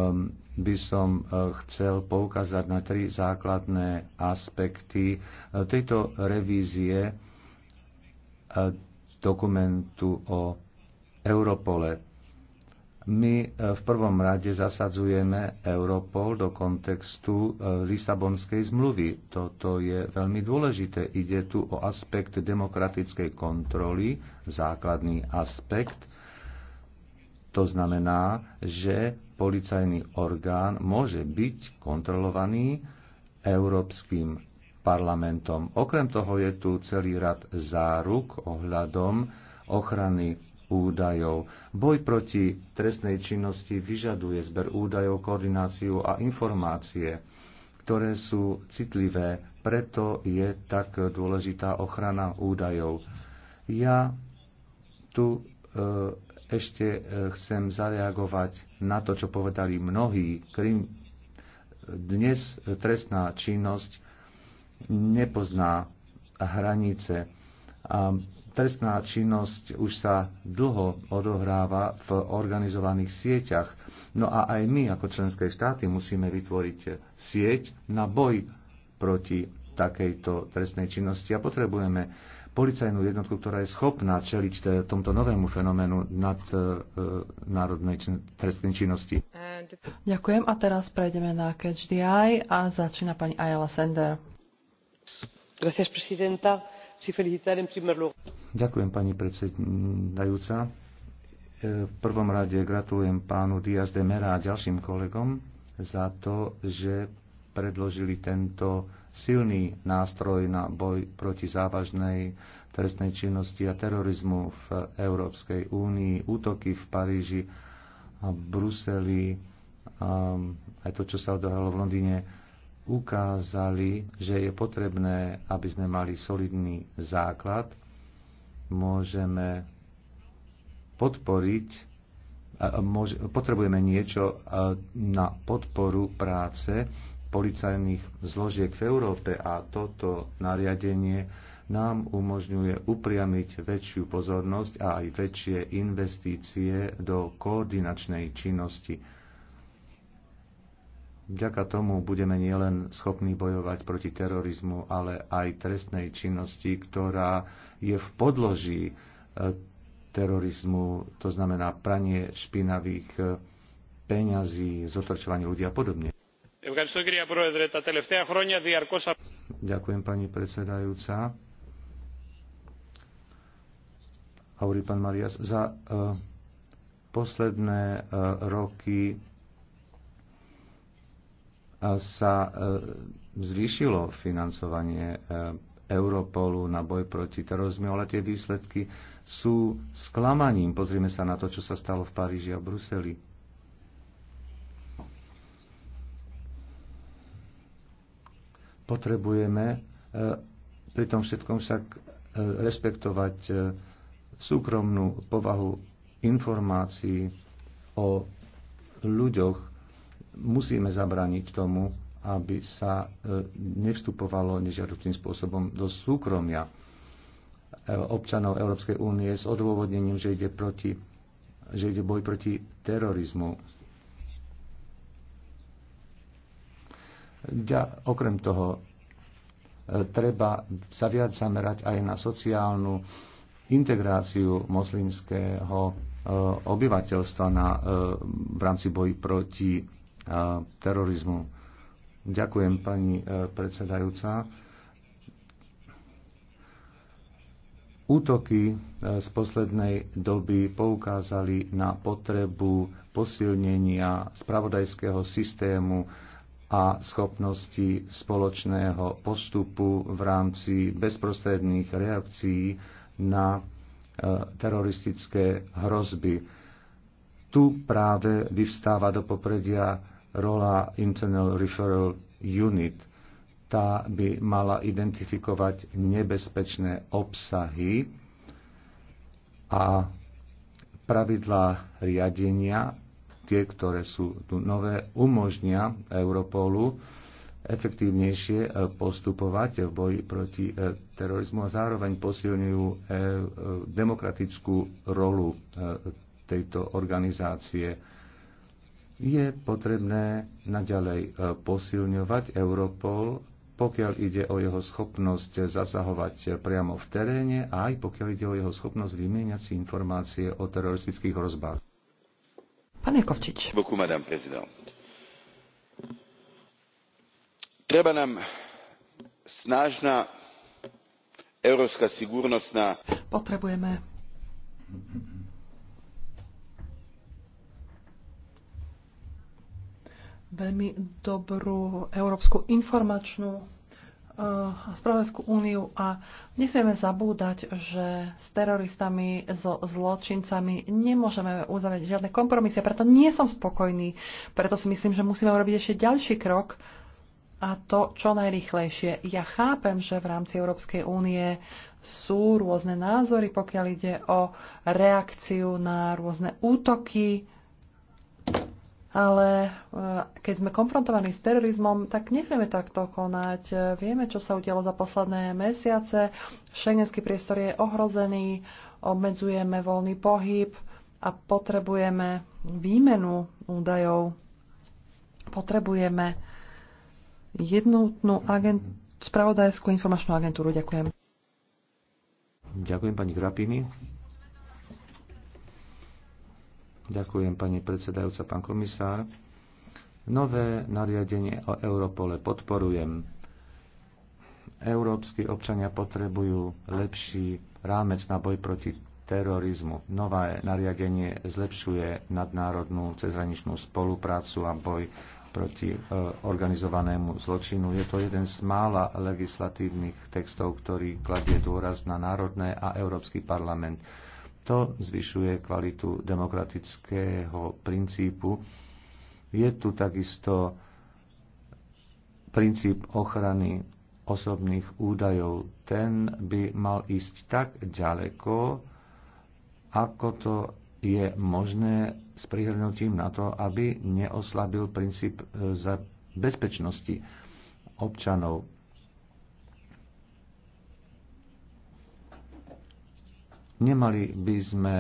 um, by som chcel poukázať na tri základné aspekty tejto revízie dokumentu o Europole. My e, v prvom rade zasadzujeme Europol do kontextu e, Lisabonskej zmluvy. Toto je veľmi dôležité. Ide tu o aspekt demokratickej kontroly, základný aspekt. To znamená, že policajný orgán môže byť kontrolovaný Európskym parlamentom. Okrem toho je tu celý rad záruk ohľadom ochrany údajov. Boj proti trestnej činnosti vyžaduje zber údajov, koordináciu a informácie, ktoré sú citlivé, preto je tak dôležitá ochrana údajov. Ja tu e, ešte e, chcem zareagovať na to, čo povedali mnohí. Dnes trestná činnosť nepozná hranice. A trestná činnosť už sa dlho odohráva v organizovaných sieťach. No a aj my ako členské štáty musíme vytvoriť sieť na boj proti takejto trestnej činnosti a potrebujeme policajnú jednotku, ktorá je schopná čeliť tomto novému fenoménu nad e, národnej trestnej činnosti. Ďakujem a teraz prejdeme na Catch DI a začína pani Ayala Sender. Ďakujem, pani predsedajúca. E, v prvom rade gratulujem pánu Diaz de Mera a ďalším kolegom za to, že predložili tento silný nástroj na boj proti závažnej trestnej činnosti a terorizmu v Európskej únii, útoky v Paríži a Bruseli, aj to, čo sa odohralo v Londýne, ukázali, že je potrebné, aby sme mali solidný základ, môžeme podporiť, môž, potrebujeme niečo na podporu práce policajných zložiek v Európe a toto nariadenie nám umožňuje upriamiť väčšiu pozornosť a aj väčšie investície do koordinačnej činnosti Vďaka tomu budeme nielen schopní bojovať proti terorizmu, ale aj trestnej činnosti, ktorá je v podloží e, terorizmu, to znamená pranie špinavých e, peňazí, zotročovanie ľudí a podobne. Ďakujem, pani predsedajúca. Hovorí pán Marias, za uh, posledné uh, roky sa e, zvýšilo financovanie e, Europolu na boj proti terorizmu, ale tie výsledky sú sklamaním. Pozrime sa na to, čo sa stalo v Paríži a Bruseli. Potrebujeme e, pri tom všetkom však rešpektovať súkromnú povahu informácií o ľuďoch, musíme zabrániť tomu, aby sa e, nevstupovalo nežiaducím spôsobom do súkromia e, občanov Európskej únie s odôvodnením, že ide, proti, že ide boj proti terorizmu. Ja, okrem toho, e, treba sa viac zamerať aj na sociálnu integráciu moslimského obyvateľstva na, v rámci boji proti terorizmu. Ďakujem, pani e, predsedajúca. Útoky e, z poslednej doby poukázali na potrebu posilnenia spravodajského systému a schopnosti spoločného postupu v rámci bezprostredných reakcií na e, teroristické hrozby. Tu práve vyvstáva do popredia rola Internal Referral Unit. Tá by mala identifikovať nebezpečné obsahy a pravidlá riadenia, tie, ktoré sú tu nové, umožnia Europolu efektívnejšie e, postupovať v boji proti e, terorizmu a zároveň posilňujú e, demokratickú rolu tejto organizácie je potrebné naďalej e, posilňovať Europol, pokiaľ ide o jeho schopnosť zasahovať priamo v teréne a aj pokiaľ ide o jeho schopnosť vymieňať si informácie o teroristických rozbách. Pane Kovčič. Boku, madam prezident. Treba nám snažná európska sigurnosná... Potrebujeme veľmi dobrú európsku informačnú eh, a spravodajskú úniu a nesmieme zabúdať, že s teroristami, so zločincami nemôžeme uzavrieť žiadne kompromisy. Preto nie som spokojný. Preto si myslím, že musíme urobiť ešte ďalší krok a to čo najrychlejšie. Ja chápem, že v rámci Európskej únie sú rôzne názory, pokiaľ ide o reakciu na rôzne útoky ale e, keď sme konfrontovaní s terorizmom, tak nesmieme takto konať. E, vieme, čo sa udialo za posledné mesiace. Šengenský priestor je ohrozený, obmedzujeme voľný pohyb a potrebujeme výmenu údajov. Potrebujeme jednotnú agent, spravodajskú informačnú agentúru. Ďakujem. Ďakujem pani Grapini. Ďakujem, pani predsedajúca, pán komisár. Nové nariadenie o Europole podporujem. Európsky občania potrebujú lepší rámec na boj proti terorizmu. Nové nariadenie zlepšuje nadnárodnú cezhraničnú spoluprácu a boj proti e, organizovanému zločinu. Je to jeden z mála legislatívnych textov, ktorý kladie dôraz na národné a Európsky parlament to zvyšuje kvalitu demokratického princípu. Je tu takisto princíp ochrany osobných údajov. Ten by mal ísť tak ďaleko, ako to je možné s prihľadnutím na to, aby neoslabil princíp e, bezpečnosti občanov Nemali by sme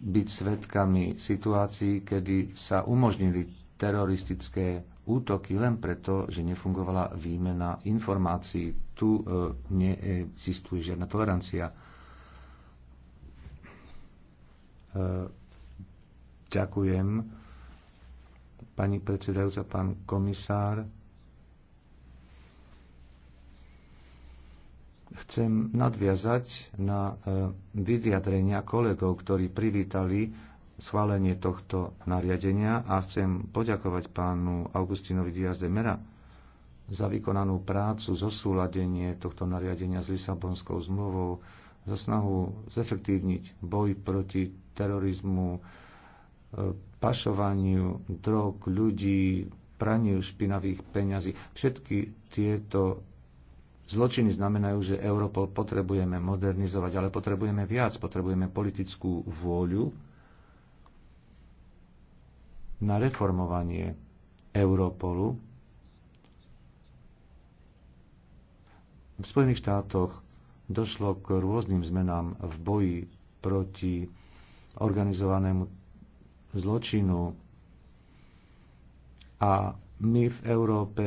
byť svetkami situácií, kedy sa umožnili teroristické útoky len preto, že nefungovala výmena informácií. Tu e, neexistuje žiadna tolerancia. E, ďakujem. Pani predsedajúca, pán komisár. chcem nadviazať na e, vyjadrenia kolegov, ktorí privítali schválenie tohto nariadenia a chcem poďakovať pánu Augustinovi Diaz de Mera za vykonanú prácu, zosúladenie tohto nariadenia s Lisabonskou zmluvou, za snahu zefektívniť boj proti terorizmu, e, pašovaniu drog, ľudí, praniu špinavých peňazí. Všetky tieto Zločiny znamenajú, že Europol potrebujeme modernizovať, ale potrebujeme viac, potrebujeme politickú vôľu na reformovanie Europolu. V Spojených štátoch došlo k rôznym zmenám v boji proti organizovanému zločinu a my v Európe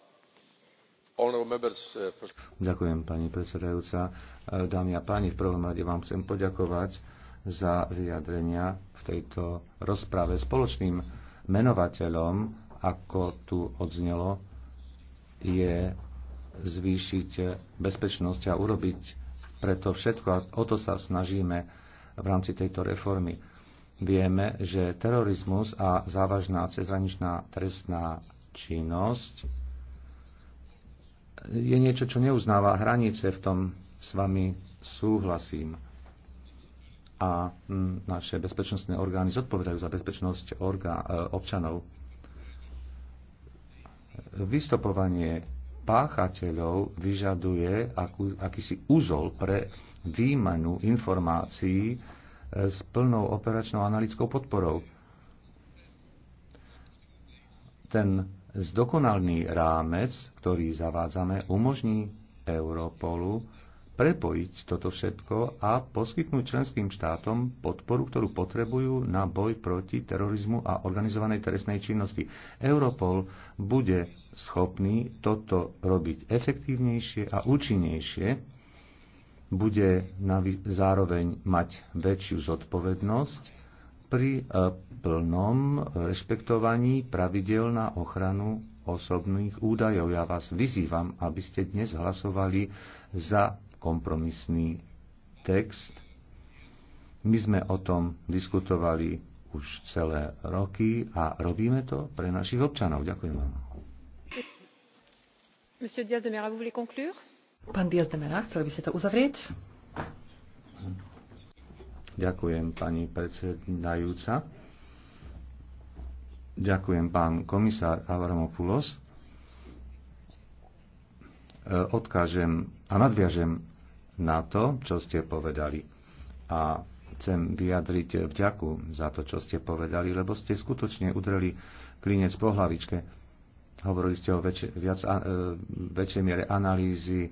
Uh, Ďakujem, pani predsedajúca. Uh, dámy a páni, v prvom rade vám chcem poďakovať za vyjadrenia v tejto rozprave. Spoločným menovateľom, ako tu odznelo, je zvýšiť bezpečnosť a urobiť preto všetko. A o to sa snažíme v rámci tejto reformy. Vieme, že terorizmus a závažná cezhraničná trestná činnosť je niečo, čo neuznáva hranice, v tom s vami súhlasím. A naše bezpečnostné orgány zodpovedajú za bezpečnosť orga, e, občanov. Vystopovanie páchateľov vyžaduje akú, akýsi úzol pre výmanu informácií e, s plnou operačnou analytickou podporou. Ten Zdokonalný rámec, ktorý zavádzame, umožní Europolu prepojiť toto všetko a poskytnúť členským štátom podporu, ktorú potrebujú na boj proti terorizmu a organizovanej trestnej činnosti. Europol bude schopný toto robiť efektívnejšie a účinnejšie, bude zároveň mať väčšiu zodpovednosť pri e, plnom rešpektovaní pravidel na ochranu osobných údajov. Ja vás vyzývam, aby ste dnes hlasovali za kompromisný text. My sme o tom diskutovali už celé roky a robíme to pre našich občanov. Ďakujem vám. Monsieur Diaz de Mera, vous voulez conclure? Pán Diaz de Mera, chceli by ste to uzavrieť? Ďakujem, pani predsedajúca. Ďakujem, pán komisár Avramopoulos. E, odkážem a nadviažem na to, čo ste povedali. A chcem vyjadriť vďaku za to, čo ste povedali, lebo ste skutočne udreli klinec po hlavičke. Hovorili ste o väč- viac, e, väčšej miere analýzy, e,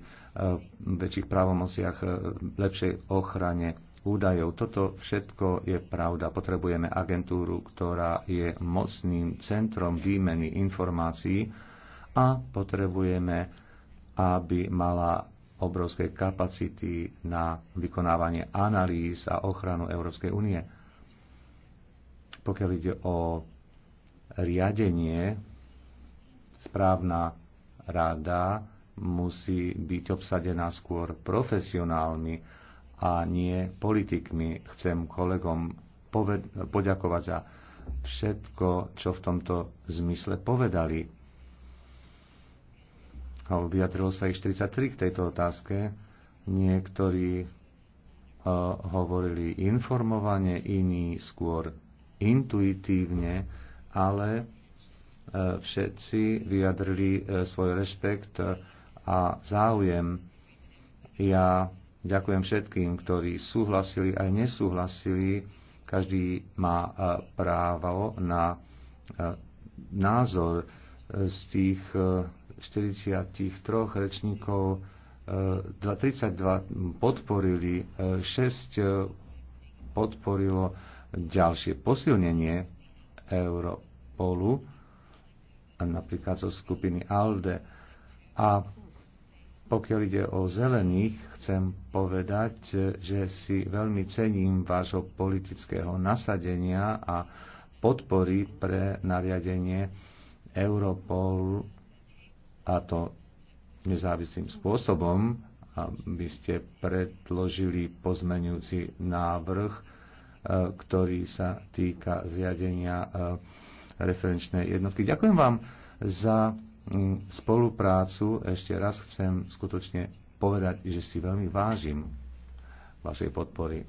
väčších právomociach, lepšej ochrane údajov. Toto všetko je pravda. Potrebujeme agentúru, ktorá je mocným centrom výmeny informácií a potrebujeme, aby mala obrovské kapacity na vykonávanie analýz a ochranu Európskej únie. Pokiaľ ide o riadenie, správna rada musí byť obsadená skôr profesionálmi, a nie politikmi. Chcem kolegom poďakovať za všetko, čo v tomto zmysle povedali. Vyjadrilo sa ich 43 k tejto otázke. Niektorí e, hovorili informovane, iní skôr intuitívne, ale e, všetci vyjadrili e, svoj rešpekt a záujem. Ja Ďakujem všetkým, ktorí súhlasili aj nesúhlasili. Každý má e, právo na e, názor e, z tých 43 rečníkov. 32 podporili, 6 podporilo ďalšie posilnenie Europolu, napríklad zo skupiny ALDE. A pokiaľ ide o zelených, chcem povedať, že si veľmi cením vášho politického nasadenia a podpory pre nariadenie Europol a to nezávislým spôsobom, aby ste predložili pozmenujúci návrh, e, ktorý sa týka zriadenia e, referenčnej jednotky. Ďakujem vám za spoluprácu ešte raz chcem skutočne povedať, že si veľmi vážim vašej podpory.